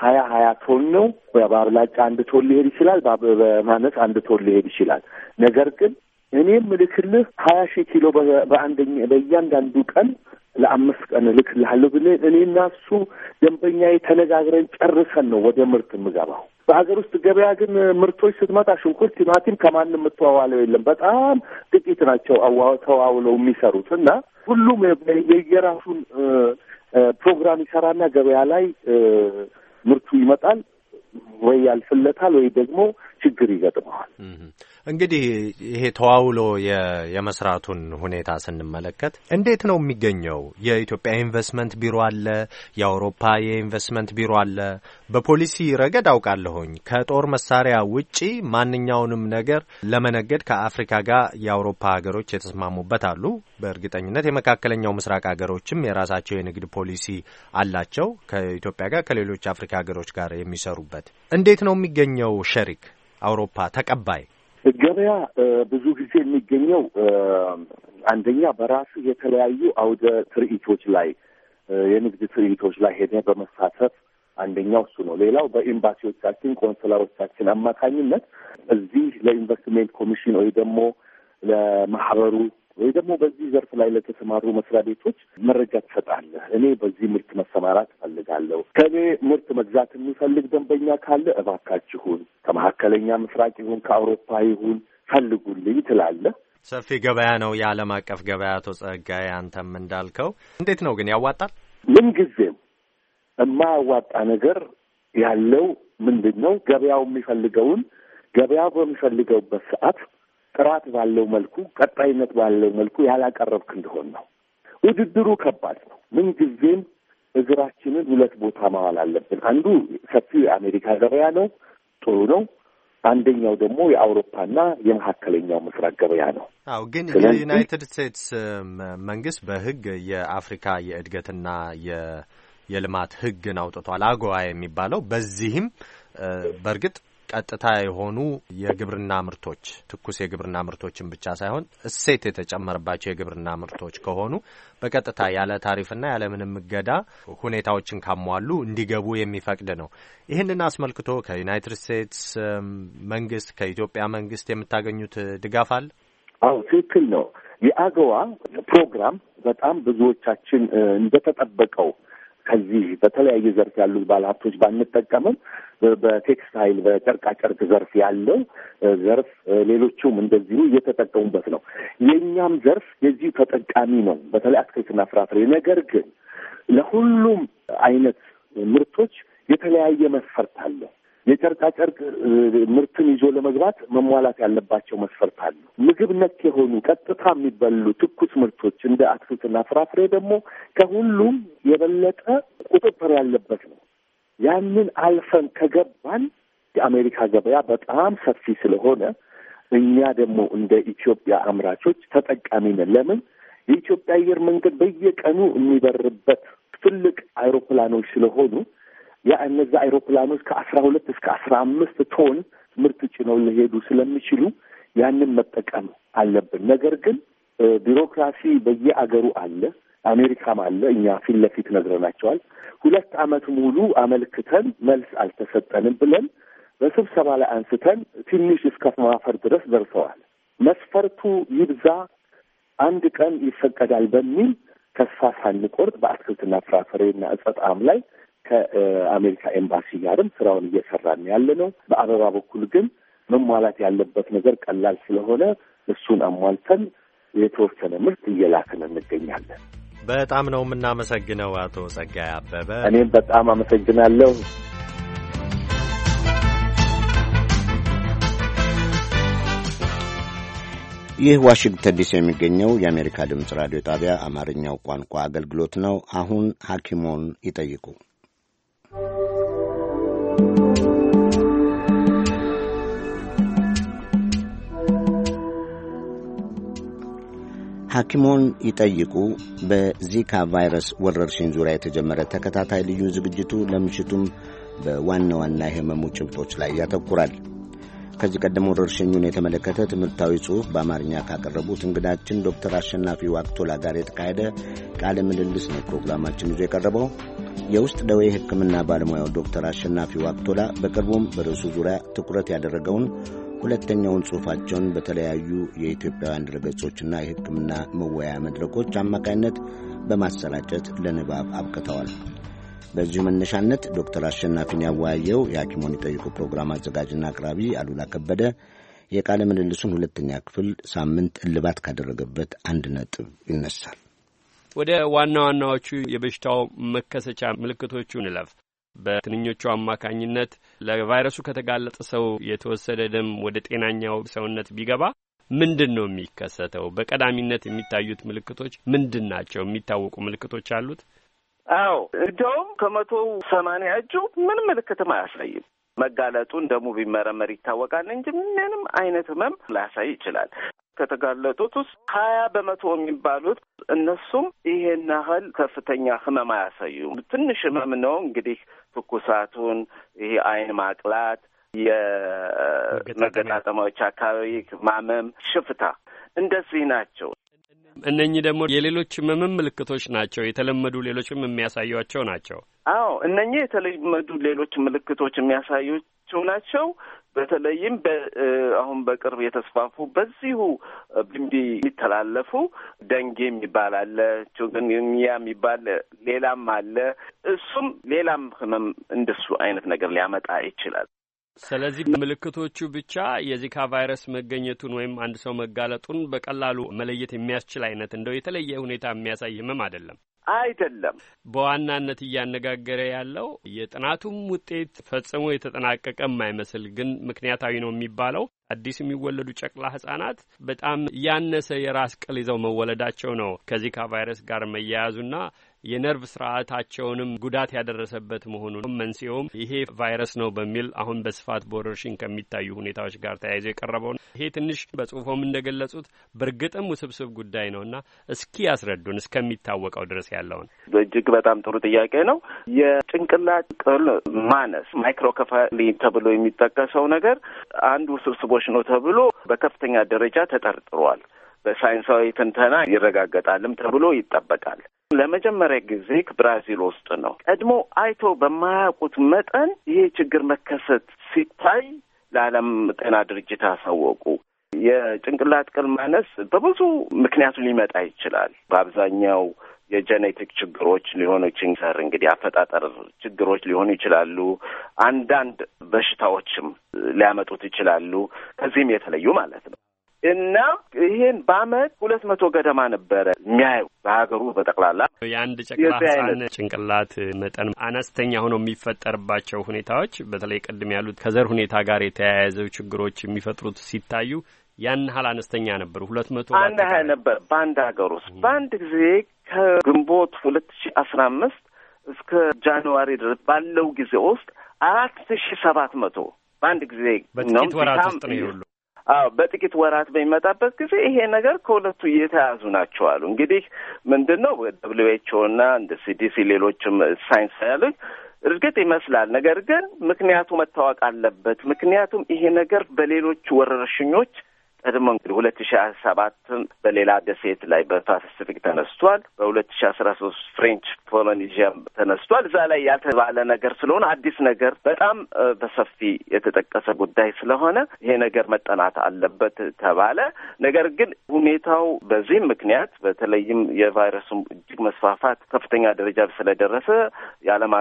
ሀያ ሀያ ቶን ነው። በአብላጫ አንድ ቶን ሊሄድ ይችላል፣ በማነስ አንድ ቶን ሊሄድ ይችላል። ነገር ግን እኔም ምልክልህ ሀያ ሺህ ኪሎ በአንደኛ በእያንዳንዱ ቀን ለአምስት ቀን እልክልሃለሁ ብ እኔና እሱ ደንበኛዬ ተነጋግረን ጨርሰን ነው ወደ ምርት የምገባው። በሀገር ውስጥ ገበያ ግን ምርቶች ስትመጣ ሽንኩርት፣ ቲማቲም ከማንም የምትዋዋለው የለም። በጣም ጥቂት ናቸው ተዋውለው የሚሰሩት እና ሁሉም የየራሱን ፕሮግራም ይሰራና ገበያ ላይ ምርቱ ይመጣል ወይ ያልፍለታል ወይ ደግሞ ችግር ይገጥመዋል። እንግዲህ ይሄ ተዋውሎ የመስራቱን ሁኔታ ስንመለከት እንዴት ነው የሚገኘው? የኢትዮጵያ ኢንቨስትመንት ቢሮ አለ፣ የአውሮፓ የኢንቨስትመንት ቢሮ አለ። በፖሊሲ ረገድ አውቃለሁኝ ከጦር መሳሪያ ውጪ ማንኛውንም ነገር ለመነገድ ከአፍሪካ ጋር የአውሮፓ ሀገሮች የተስማሙበት አሉ። በእርግጠኝነት የመካከለኛው ምስራቅ ሀገሮችም የራሳቸው የንግድ ፖሊሲ አላቸው ከኢትዮጵያ ጋር ከሌሎች አፍሪካ ሀገሮች ጋር የሚሰሩበት። እንዴት ነው የሚገኘው ሸሪክ አውሮፓ ተቀባይ ገበያ ብዙ ጊዜ የሚገኘው አንደኛ በራሱ የተለያዩ አውደ ትርኢቶች ላይ የንግድ ትርኢቶች ላይ ሄደ በመሳተፍ አንደኛው እሱ ነው። ሌላው በኤምባሲዎቻችን ቆንስላዎቻችን አማካኝነት እዚህ ለኢንቨስትሜንት ኮሚሽን ወይ ደግሞ ለማህበሩ ወይ ደግሞ በዚህ ዘርፍ ላይ ለተሰማሩ መስሪያ ቤቶች መረጃ ትሰጣለህ። እኔ በዚህ ምርት መሰማራት እፈልጋለሁ፣ ከእኔ ምርት መግዛት የሚፈልግ ደንበኛ ካለ እባካችሁን ከመካከለኛ ምስራቅ ይሁን ከአውሮፓ ይሁን ፈልጉልኝ ትላለህ። ሰፊ ገበያ ነው የዓለም አቀፍ ገበያ። አቶ ጸጋይ አንተም እንዳልከው እንዴት ነው ግን ያዋጣል? ምን የማያዋጣ ነገር ያለው ምንድን ነው? ገበያው የሚፈልገውን ገበያ በሚፈልገውበት ሰዓት ጥራት ባለው መልኩ ቀጣይነት ባለው መልኩ ያላቀረብክ እንደሆን ነው። ውድድሩ ከባድ ነው። ምንጊዜም እግራችንን ሁለት ቦታ ማዋል አለብን። አንዱ ሰፊው የአሜሪካ ገበያ ነው፣ ጥሩ ነው። አንደኛው ደግሞ የአውሮፓና የመካከለኛው ምስራቅ ገበያ ነው። አዎ፣ ግን የዩናይትድ ስቴትስ መንግስት በህግ የአፍሪካ የእድገትና የልማት ህግን አውጥቷል፣ አጎዋ የሚባለው በዚህም በእርግጥ ቀጥታ የሆኑ የግብርና ምርቶች ትኩስ የግብርና ምርቶችን ብቻ ሳይሆን እሴት የተጨመረባቸው የግብርና ምርቶች ከሆኑ በቀጥታ ያለ ታሪፍና ያለ ምንም እገዳ ሁኔታዎችን ካሟሉ እንዲገቡ የሚፈቅድ ነው። ይህንን አስመልክቶ ከዩናይትድ ስቴትስ መንግስት፣ ከኢትዮጵያ መንግስት የምታገኙት ድጋፍ አለ? አዎ ትክክል ነው። የአገዋ ፕሮግራም በጣም ብዙዎቻችን እንደተጠበቀው ከዚህ በተለያየ ዘርፍ ያሉት ባለሀብቶች ባንጠቀምም በቴክስታይል በጨርቃጨርቅ ዘርፍ ያለው ዘርፍ ሌሎቹም እንደዚሁ እየተጠቀሙበት ነው። የእኛም ዘርፍ የዚሁ ተጠቃሚ ነው፣ በተለይ አትክልትና ፍራፍሬ። ነገር ግን ለሁሉም አይነት ምርቶች የተለያየ መስፈርት አለ። የጨርቃጨርቅ ምርትን ይዞ ለመግባት መሟላት ያለባቸው መስፈርት አሉ። ምግብ ነክ የሆኑ ቀጥታ የሚበሉ ትኩስ ምርቶች እንደ አትክልትና ፍራፍሬ ደግሞ ከሁሉም የበለጠ ቁጥጥር ያለበት ነው። ያንን አልፈን ከገባን የአሜሪካ ገበያ በጣም ሰፊ ስለሆነ እኛ ደግሞ እንደ ኢትዮጵያ አምራቾች ተጠቃሚ ነን። ለምን የኢትዮጵያ አየር መንገድ በየቀኑ የሚበርበት ትልቅ አይሮፕላኖች ስለሆኑ ያ እነዚ አይሮፕላኖች ከአስራ ሁለት እስከ አስራ አምስት ቶን ምርት ጭነው ሊሄዱ ስለሚችሉ ያንን መጠቀም አለብን። ነገር ግን ቢሮክራሲ በየአገሩ አለ፣ አሜሪካም አለ። እኛ ፊት ለፊት ነግረናቸዋል። ሁለት ዓመት ሙሉ አመልክተን መልስ አልተሰጠንም ብለን በስብሰባ ላይ አንስተን ትንሽ እስከ ማፈር ድረስ ደርሰዋል። መስፈርቱ ይብዛ አንድ ቀን ይፈቀዳል በሚል ተስፋ ሳንቆርጥ በአትክልትና ፍራፍሬና እጸጣም ላይ ከአሜሪካ ኤምባሲ ጋርም ስራውን እየሰራን ያለ ነው። በአበባ በኩል ግን መሟላት ያለበት ነገር ቀላል ስለሆነ እሱን አሟልተን የተወሰነ ምርት እየላክን እንገኛለን። በጣም ነው የምናመሰግነው አቶ ጸጋይ አበበ። እኔም በጣም አመሰግናለሁ። ይህ ዋሽንግተን ዲሲ የሚገኘው የአሜሪካ ድምፅ ራዲዮ ጣቢያ አማርኛው ቋንቋ አገልግሎት ነው። አሁን ሐኪሞን ይጠይቁ ሐኪሞን ይጠይቁ በዚካ ቫይረስ ወረርሽኝ ዙሪያ የተጀመረ ተከታታይ ልዩ ዝግጅቱ ለምሽቱም በዋና ዋና የህመሙ ጭብጦች ላይ ያተኩራል። ከዚህ ቀደም ወረርሽኙን የተመለከተ ትምህርታዊ ጽሑፍ በአማርኛ ካቀረቡት እንግዳችን ዶክተር አሸናፊ ዋቅቶላ ጋር የተካሄደ ቃለ ምልልስ ነው ፕሮግራማችን ይዞ የቀረበው። የውስጥ ደዌ ሕክምና ባለሙያው ዶክተር አሸናፊ ዋቅቶላ በቅርቡም በርዕሱ ዙሪያ ትኩረት ያደረገውን ሁለተኛውን ጽሑፋቸውን በተለያዩ የኢትዮጵያውያን ድረገጾችና የሕክምና መወያያ መድረኮች አማካይነት በማሰራጨት ለንባብ አብቅተዋል። በዚሁ መነሻነት ዶክተር አሸናፊን ያወያየው የሐኪሞን ይጠይቁ ፕሮግራም አዘጋጅና አቅራቢ አሉላ ከበደ የቃለ ምልልሱን ሁለተኛ ክፍል ሳምንት እልባት ካደረገበት አንድ ነጥብ ይነሳል። ወደ ዋና ዋናዎቹ የበሽታው መከሰቻ ምልክቶቹ እንለፍ። በትንኞቹ አማካኝነት ለቫይረሱ ከተጋለጠ ሰው የተወሰደ ደም ወደ ጤናኛው ሰውነት ቢገባ ምንድን ነው የሚከሰተው? በቀዳሚነት የሚታዩት ምልክቶች ምንድን ናቸው? የሚታወቁ ምልክቶች አሉት? አዎ እንዲያውም ከመቶ ሰማንያ እጁ ምን ምልክትም አያሳይም። መጋለጡን ደሙ ቢመረመር ይታወቃል እንጂ ምንም አይነት ህመም ላያሳይ ይችላል። ከተጋለጡት ውስጥ ሀያ በመቶ የሚባሉት እነሱም ይሄን ያህል ከፍተኛ ህመም አያሳዩም። ትንሽ ህመም ነው እንግዲህ ትኩሳቱን፣ ይሄ አይን ማቅላት፣ የመገጣጠሚያዎች አካባቢ ማመም፣ ሽፍታ እንደዚህ ናቸው። እነኚህ ደግሞ የሌሎች ህመምም ምልክቶች ናቸው። የተለመዱ ሌሎችም የሚያሳዩቸው ናቸው። አዎ እነኚህ የተለመዱ ሌሎች ምልክቶች የሚያሳዩቸው ናቸው። በተለይም አሁን በቅርብ የተስፋፉ በዚሁ ብንቢ የሚተላለፉ ደንጌ የሚባል አለ፣ ቺኩንጉንያ የሚባል ሌላም አለ። እሱም ሌላም ህመም እንደሱ አይነት ነገር ሊያመጣ ይችላል። ስለዚህ በምልክቶቹ ብቻ የዚካ ቫይረስ መገኘቱን ወይም አንድ ሰው መጋለጡን በቀላሉ መለየት የሚያስችል አይነት እንደው የተለየ ሁኔታ የሚያሳይ ህመም አይደለም አይደለም። በዋናነት እያነጋገረ ያለው የጥናቱም ውጤት ፈጽሞ የተጠናቀቀ የማይመስል ግን ምክንያታዊ ነው የሚባለው አዲስ የሚወለዱ ጨቅላ ህጻናት በጣም ያነሰ የራስ ቅል ይዘው መወለዳቸው ነው ከዚካ ቫይረስ ጋር መያያዙና የነርቭ ስርዓታቸውንም ጉዳት ያደረሰበት መሆኑን መንስኤውም ይሄ ቫይረስ ነው በሚል አሁን በስፋት በወረርሽኝ ከሚታዩ ሁኔታዎች ጋር ተያይዞ የቀረበው ነው። ይሄ ትንሽ በጽሁፎም እንደገለጹት በእርግጥም ውስብስብ ጉዳይ ነው ነውና እስኪ ያስረዱን እስከሚታወቀው ድረስ ያለውን። እጅግ በጣም ጥሩ ጥያቄ ነው። የጭንቅላት ቅል ማነስ ማይክሮከፋሊ ተብሎ የሚጠቀሰው ነገር አንዱ ውስብስቦች ነው ተብሎ በከፍተኛ ደረጃ ተጠርጥሯል። በሳይንሳዊ ትንተና ይረጋገጣልም ተብሎ ይጠበቃል። ለመጀመሪያ ጊዜ ብራዚል ውስጥ ነው። ቀድሞ አይቶ በማያውቁት መጠን ይሄ ችግር መከሰት ሲታይ ለዓለም ጤና ድርጅት አሳወቁ። የጭንቅላት ቅል ማነስ በብዙ ምክንያቱ ሊመጣ ይችላል። በአብዛኛው የጄኔቲክ ችግሮች ሊሆኑ ቺንሰር እንግዲህ አፈጣጠር ችግሮች ሊሆኑ ይችላሉ። አንዳንድ በሽታዎችም ሊያመጡት ይችላሉ። ከዚህም የተለዩ ማለት ነው። እና ይሄን በአመት ሁለት መቶ ገደማ ነበረ የሚያየው በሀገሩ በጠቅላላ የአንድ ጨቅላ ጭንቅላት መጠን አነስተኛ ሆኖ የሚፈጠርባቸው ሁኔታዎች በተለይ ቅድም ያሉት ከዘር ሁኔታ ጋር የተያያዘው ችግሮች የሚፈጥሩት ሲታዩ ያን ያህል አነስተኛ ነበሩ። ሁለት መቶ አንድ ያህል ነበር በአንድ ሀገር ውስጥ በአንድ ጊዜ ከግንቦት ሁለት ሺ አስራ አምስት እስከ ጃንዋሪ ድረስ ባለው ጊዜ ውስጥ አራት ሺ ሰባት መቶ በአንድ ጊዜ በጥቂት ወራት ውስጥ ነው ይሉ አዎ በጥቂት ወራት በሚመጣበት ጊዜ ይሄ ነገር ከሁለቱ እየተያዙ ናቸው አሉ። እንግዲህ ምንድን ነው ደብሊው ኤች ኦ እና እንደ ሲዲሲ ሌሎችም ሳይንስ ያሉት እርግጥ ይመስላል። ነገር ግን ምክንያቱ መታወቅ አለበት። ምክንያቱም ይሄ ነገር በሌሎች ወረርሽኞች ቀድሞ እንግዲህ ሁለት ሺ ሀያ ሰባትም በሌላ ደሴት ላይ በፓሲፊክ ተነስቷል። በሁለት ሺ አስራ ሶስት ፍሬንች ፖሎኔዥያም ተነስቷል። እዛ ላይ ያልተባለ ነገር ስለሆነ አዲስ ነገር በጣም በሰፊ የተጠቀሰ ጉዳይ ስለሆነ ይሄ ነገር መጠናት አለበት ተባለ። ነገር ግን ሁኔታው በዚህም ምክንያት በተለይም የቫይረሱ እጅግ መስፋፋት ከፍተኛ ደረጃ ስለደረሰ የዓለም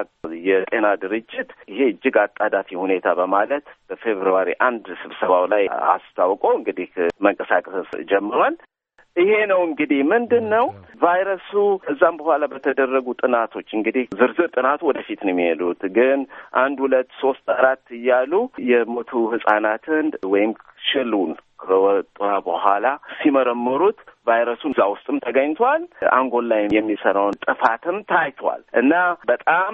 የጤና ድርጅት ይሄ እጅግ አጣዳፊ ሁኔታ በማለት በፌብርዋሪ አንድ ስብሰባው ላይ አስታውቆ እንግዲህ መንቀሳቀስ ጀምሯል። ይሄ ነው እንግዲህ ምንድን ነው ቫይረሱ። እዛም በኋላ በተደረጉ ጥናቶች እንግዲህ ዝርዝር ጥናቱ ወደፊት ነው የሚሄዱት፣ ግን አንድ ሁለት ሶስት አራት እያሉ የሞቱ ህጻናትን ወይም ሽሉን ከወጣ በኋላ ሲመረምሩት ቫይረሱ እዛ ውስጥም ተገኝቷል። አንጎል ላይ የሚሰራውን ጥፋትም ታይቷል እና በጣም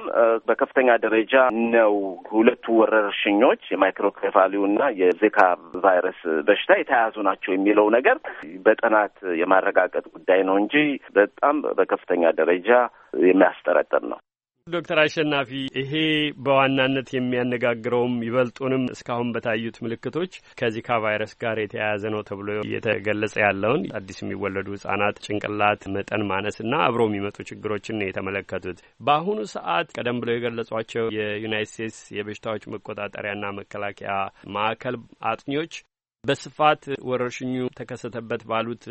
በከፍተኛ ደረጃ ነው ሁለቱ ወረርሽኞች የማይክሮኬፋሊው እና የዚካ ቫይረስ በሽታ የተያያዙ ናቸው የሚለው ነገር በጥናት የማረጋገጥ ጉዳይ ነው እንጂ በጣም በከፍተኛ ደረጃ የሚያስጠረጥር ነው። ዶክተር አሸናፊ ይሄ በዋናነት የሚያነጋግረውም ይበልጡንም እስካሁን በታዩት ምልክቶች ከዚካ ቫይረስ ጋር የተያያዘ ነው ተብሎ እየተገለጸ ያለውን አዲስ የሚወለዱ ህጻናት ጭንቅላት መጠን ማነስና አብሮ የሚመጡ ችግሮችን ነው የተመለከቱት። በአሁኑ ሰዓት ቀደም ብለው የገለጿቸው የዩናይት ስቴትስ የበሽታዎች መቆጣጠሪያና መከላከያ ማዕከል አጥኚዎች በስፋት ወረርሽኙ ተከሰተበት ባሉት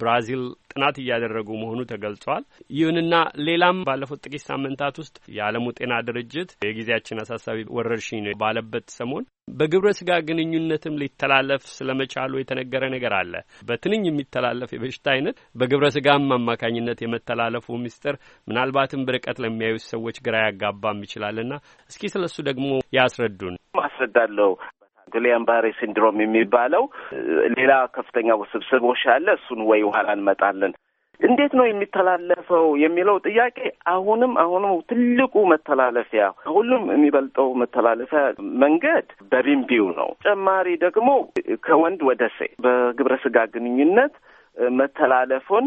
ብራዚል ጥናት እያደረጉ መሆኑ ተገልጿል። ይሁንና ሌላም ባለፉት ጥቂት ሳምንታት ውስጥ የዓለሙ ጤና ድርጅት የጊዜያችን አሳሳቢ ወረርሽኝ ባለበት ሰሞን በግብረ ስጋ ግንኙነትም ሊተላለፍ ስለመቻሉ የተነገረ ነገር አለ። በትንኝ የሚተላለፍ የበሽታ አይነት በግብረ ስጋም አማካኝነት የመተላለፉ ምስጢር ምናልባትም በርቀት ለሚያዩት ሰዎች ግራ ያጋባም ይችላልና እስኪ ስለሱ ደግሞ ያስረዱን። አስረዳለሁ ባሬ ሲንድሮም የሚባለው ሌላ ከፍተኛ ውስብስቦች አለ። እሱን ወይ ኋላ እንመጣለን። እንዴት ነው የሚተላለፈው የሚለው ጥያቄ አሁንም አሁንም ትልቁ መተላለፊያ ሁሉም የሚበልጠው መተላለፊያ መንገድ በቢምቢው ነው። ተጨማሪ ደግሞ ከወንድ ወደ ሴት በግብረ ስጋ ግንኙነት መተላለፉን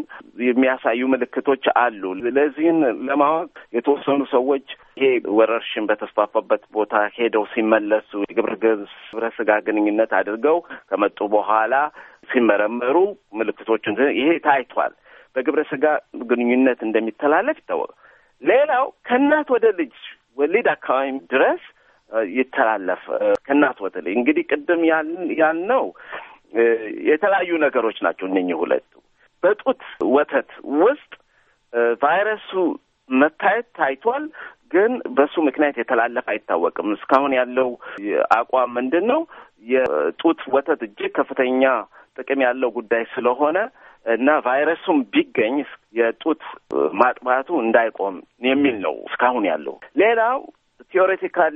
የሚያሳዩ ምልክቶች አሉ። ለዚህን ለማወቅ የተወሰኑ ሰዎች ይሄ ወረርሽኝ በተስፋፋበት ቦታ ሄደው ሲመለሱ የግብረ ገብረ ስጋ ግንኙነት አድርገው ከመጡ በኋላ ሲመረመሩ ምልክቶቹን ይሄ ታይቷል። በግብረ ስጋ ግንኙነት እንደሚተላለፍ ይታወቃል። ሌላው ከእናት ወደ ልጅ ወሊድ አካባቢ ድረስ ይተላለፍ ከእናት ወደ ልጅ እንግዲህ ቅድም ያልነው የተለያዩ ነገሮች ናቸው። እነኚህ ሁለቱ በጡት ወተት ውስጥ ቫይረሱ መታየት ታይቷል፣ ግን በሱ ምክንያት የተላለፈ አይታወቅም። እስካሁን ያለው አቋም ምንድን ነው? የጡት ወተት እጅግ ከፍተኛ ጥቅም ያለው ጉዳይ ስለሆነ እና ቫይረሱም ቢገኝ የጡት ማጥባቱ እንዳይቆም የሚል ነው እስካሁን ያለው። ሌላው ቲዎሬቲካል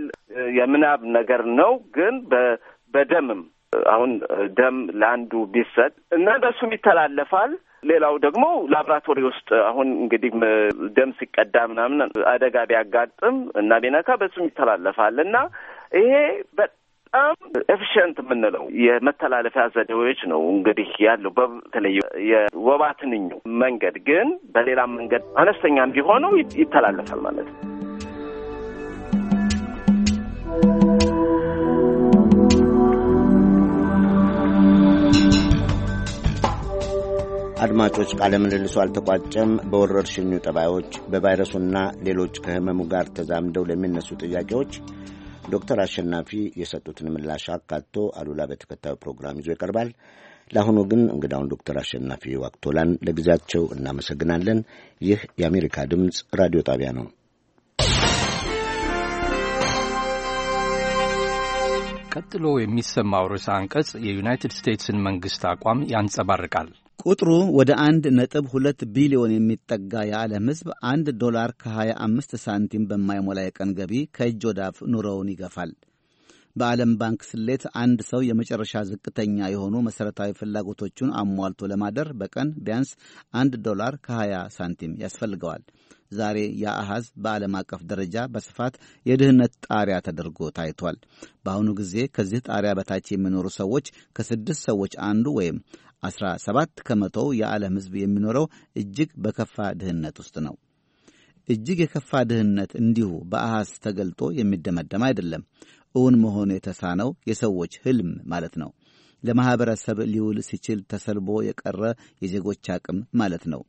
የምናብ ነገር ነው ግን በደምም አሁን ደም ለአንዱ ቢሰጥ እና በእሱም ይተላለፋል። ሌላው ደግሞ ላብራቶሪ ውስጥ አሁን እንግዲህ ደም ሲቀዳ ምናምን አደጋ ቢያጋጥም እና ቢነካ በእሱም ይተላለፋል እና ይሄ በጣም ኤፊሽንት የምንለው የመተላለፊያ ዘዴዎች ነው እንግዲህ ያለው በተለይ የወባ ትንኙ መንገድ ግን በሌላም መንገድ አነስተኛም ቢሆኑ ይተላለፋል ማለት ነው። አድማጮች ቃለ ምልልሱ አልተቋጨም። በወረርሽኙ ጠባዮች፣ በቫይረሱና ሌሎች ከህመሙ ጋር ተዛምደው ለሚነሱ ጥያቄዎች ዶክተር አሸናፊ የሰጡትን ምላሽ አካቶ አሉላ በተከታዩ ፕሮግራም ይዞ ይቀርባል። ለአሁኑ ግን እንግዳውን ዶክተር አሸናፊ ዋቅቶላን ለጊዜያቸው እናመሰግናለን። ይህ የአሜሪካ ድምፅ ራዲዮ ጣቢያ ነው። ቀጥሎ የሚሰማው ርዕሰ አንቀጽ የዩናይትድ ስቴትስን መንግሥት አቋም ያንጸባርቃል። ቁጥሩ ወደ አንድ ነጥብ ሁለት ቢሊዮን የሚጠጋ የዓለም ሕዝብ አንድ ዶላር ከ25 ሳንቲም በማይሞላ የቀን ገቢ ከእጅ ወዳፍ ኑሮውን ይገፋል። በዓለም ባንክ ስሌት አንድ ሰው የመጨረሻ ዝቅተኛ የሆኑ መሠረታዊ ፍላጎቶቹን አሟልቶ ለማደር በቀን ቢያንስ አንድ ዶላር ከ20 ሳንቲም ያስፈልገዋል። ዛሬ ያ በዓለም አቀፍ ደረጃ በስፋት የድህነት ጣሪያ ተደርጎ ታይቷል። በአሁኑ ጊዜ ከዚህ ጣሪያ በታች የሚኖሩ ሰዎች ከስድስት ሰዎች አንዱ ወይም 17 ከመቶው የዓለም ሕዝብ የሚኖረው እጅግ በከፋ ድህነት ውስጥ ነው። እጅግ የከፋ ድህነት እንዲሁ በአሐዝ ተገልጦ የሚደመደም አይደለም። እውን መሆኑ የተሳነው የሰዎች ሕልም ማለት ነው። ለማኅበረሰብ ሊውል ሲችል ተሰልቦ የቀረ የዜጎች አቅም ማለት ነው።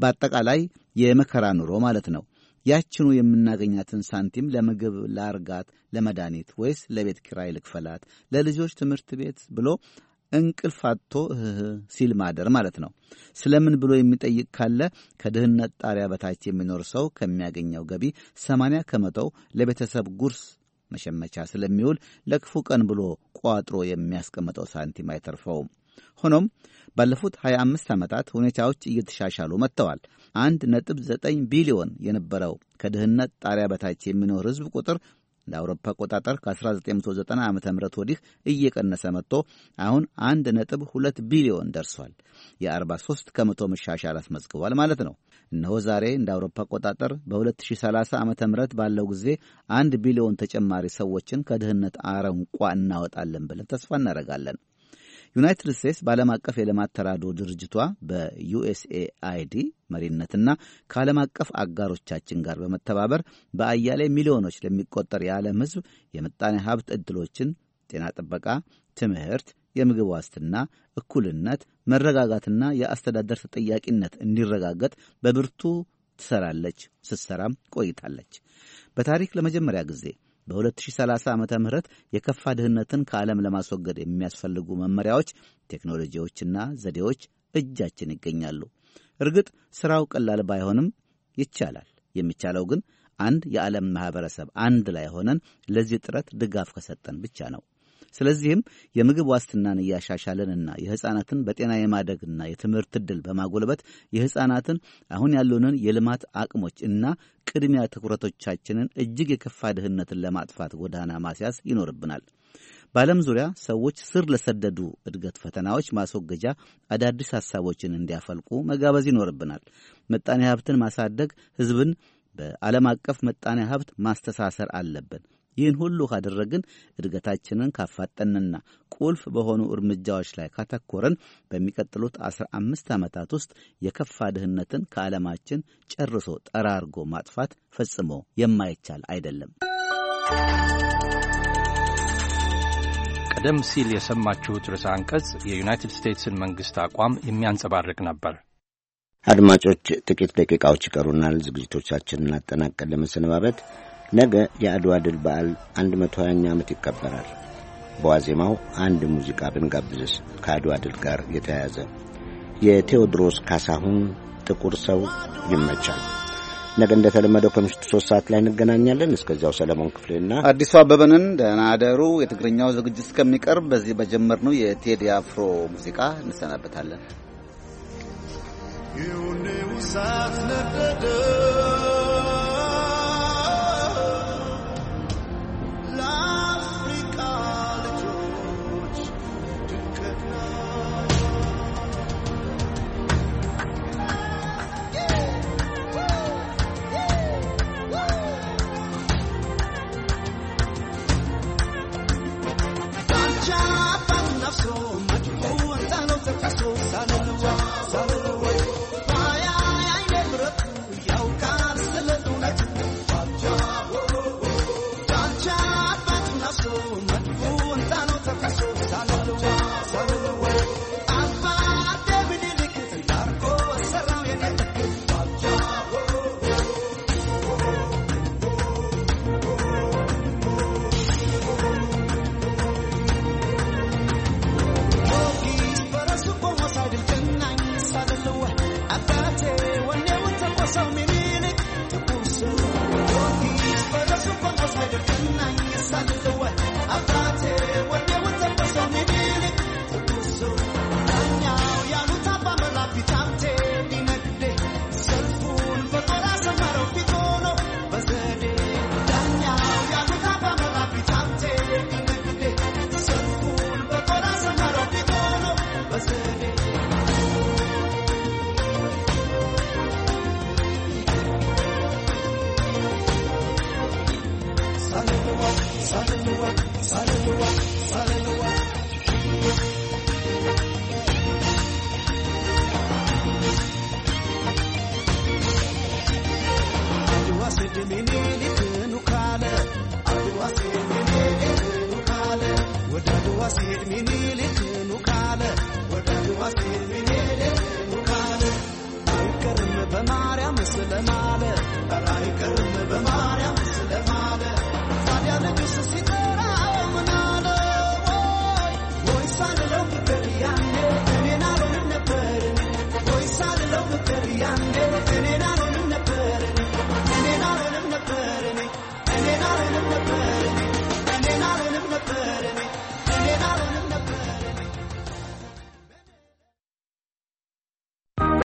በአጠቃላይ የመከራ ኑሮ ማለት ነው። ያችኑ የምናገኛትን ሳንቲም ለምግብ፣ ለአርጋት፣ ለመድኃኒት ወይስ ለቤት ኪራይ ልክፈላት፣ ለልጆች ትምህርት ቤት ብሎ እንቅልፍ አጥቶ ሲል ማደር ማለት ነው። ስለምን ብሎ የሚጠይቅ ካለ ከድህነት ጣሪያ በታች የሚኖር ሰው ከሚያገኘው ገቢ 80 ከመቶው ለቤተሰብ ጉርስ መሸመቻ ስለሚውል ለክፉ ቀን ብሎ ቋጥሮ የሚያስቀምጠው ሳንቲም አይተርፈውም። ሆኖም ባለፉት 25 ዓመታት ሁኔታዎች እየተሻሻሉ መጥተዋል። አንድ ነጥብ ዘጠኝ ቢሊዮን የነበረው ከድህነት ጣሪያ በታች የሚኖር ሕዝብ ቁጥር እንደ አውሮፓ አቆጣጠር ከ1990 ዓ ም ወዲህ እየቀነሰ መጥቶ አሁን 1.2 ቢሊዮን ደርሷል። የ43 ከመቶ መሻሻል አስመዝግቧል ማለት ነው። እነሆ ዛሬ እንደ አውሮፓ አቆጣጠር በ2030 ዓ ም ባለው ጊዜ አንድ ቢሊዮን ተጨማሪ ሰዎችን ከድህነት አረንቋ እናወጣለን ብለን ተስፋ እናደርጋለን። ዩናይትድ ስቴትስ በዓለም አቀፍ የልማት ተራድኦ ድርጅቷ በዩኤስኤ መሪነትና ከዓለም አቀፍ አጋሮቻችን ጋር በመተባበር በአያሌ ሚሊዮኖች ለሚቆጠር የዓለም ሕዝብ የምጣኔ ሀብት ዕድሎችን፣ ጤና ጥበቃ፣ ትምህርት፣ የምግብ ዋስትና፣ እኩልነት፣ መረጋጋትና የአስተዳደር ተጠያቂነት እንዲረጋገጥ በብርቱ ትሰራለች፣ ስትሰራም ቆይታለች። በታሪክ ለመጀመሪያ ጊዜ በ2030 ዓ ም የከፋ ድህነትን ከዓለም ለማስወገድ የሚያስፈልጉ መመሪያዎች፣ ቴክኖሎጂዎችና ዘዴዎች እጃችን ይገኛሉ። እርግጥ ሥራው ቀላል ባይሆንም ይቻላል። የሚቻለው ግን አንድ የዓለም ማኅበረሰብ አንድ ላይ ሆነን ለዚህ ጥረት ድጋፍ ከሰጠን ብቻ ነው። ስለዚህም የምግብ ዋስትናን እያሻሻለንና የሕፃናትን በጤና የማደግና የትምህርት ዕድል በማጎልበት የሕፃናትን አሁን ያሉንን የልማት አቅሞች እና ቅድሚያ ትኩረቶቻችንን እጅግ የከፋ ድህነትን ለማጥፋት ጎዳና ማስያዝ ይኖርብናል። በዓለም ዙሪያ ሰዎች ስር ለሰደዱ እድገት ፈተናዎች ማስወገጃ አዳዲስ ሐሳቦችን እንዲያፈልቁ መጋበዝ ይኖርብናል። ምጣኔ ሀብትን ማሳደግ፣ ሕዝብን በዓለም አቀፍ ምጣኔ ሀብት ማስተሳሰር አለብን። ይህን ሁሉ ካደረግን እድገታችንን ካፋጠንና ቁልፍ በሆኑ እርምጃዎች ላይ ካተኮረን በሚቀጥሉት አስራ አምስት ዓመታት ውስጥ የከፋ ድህነትን ከዓለማችን ጨርሶ ጠራርጎ ማጥፋት ፈጽሞ የማይቻል አይደለም። ቀደም ሲል የሰማችሁት ርዕሰ አንቀጽ የዩናይትድ ስቴትስን መንግሥት አቋም የሚያንጸባርቅ ነበር። አድማጮች፣ ጥቂት ደቂቃዎች ይቀሩናል። ዝግጅቶቻችንን አጠናቀን ለመሰነባበት ነገ የአድዋ ድል በዓል 120ኛ ዓመት ይከበራል። በዋዜማው አንድ ሙዚቃ ብንጋብዝስ ከአድዋ ድል ጋር የተያያዘ የቴዎድሮስ ካሳሁን ጥቁር ሰው ይመቻል። ነገ እንደተለመደው ከምሽቱ ሶስት ሰዓት ላይ እንገናኛለን። እስከዚያው ሰለሞን ክፍሌና አዲሱ አበበንን ደህና አደሩ። የትግርኛው ዝግጅት እስከሚቀርብ በዚህ በጀመርነው የቴዲ አፍሮ ሙዚቃ እንሰናበታለን።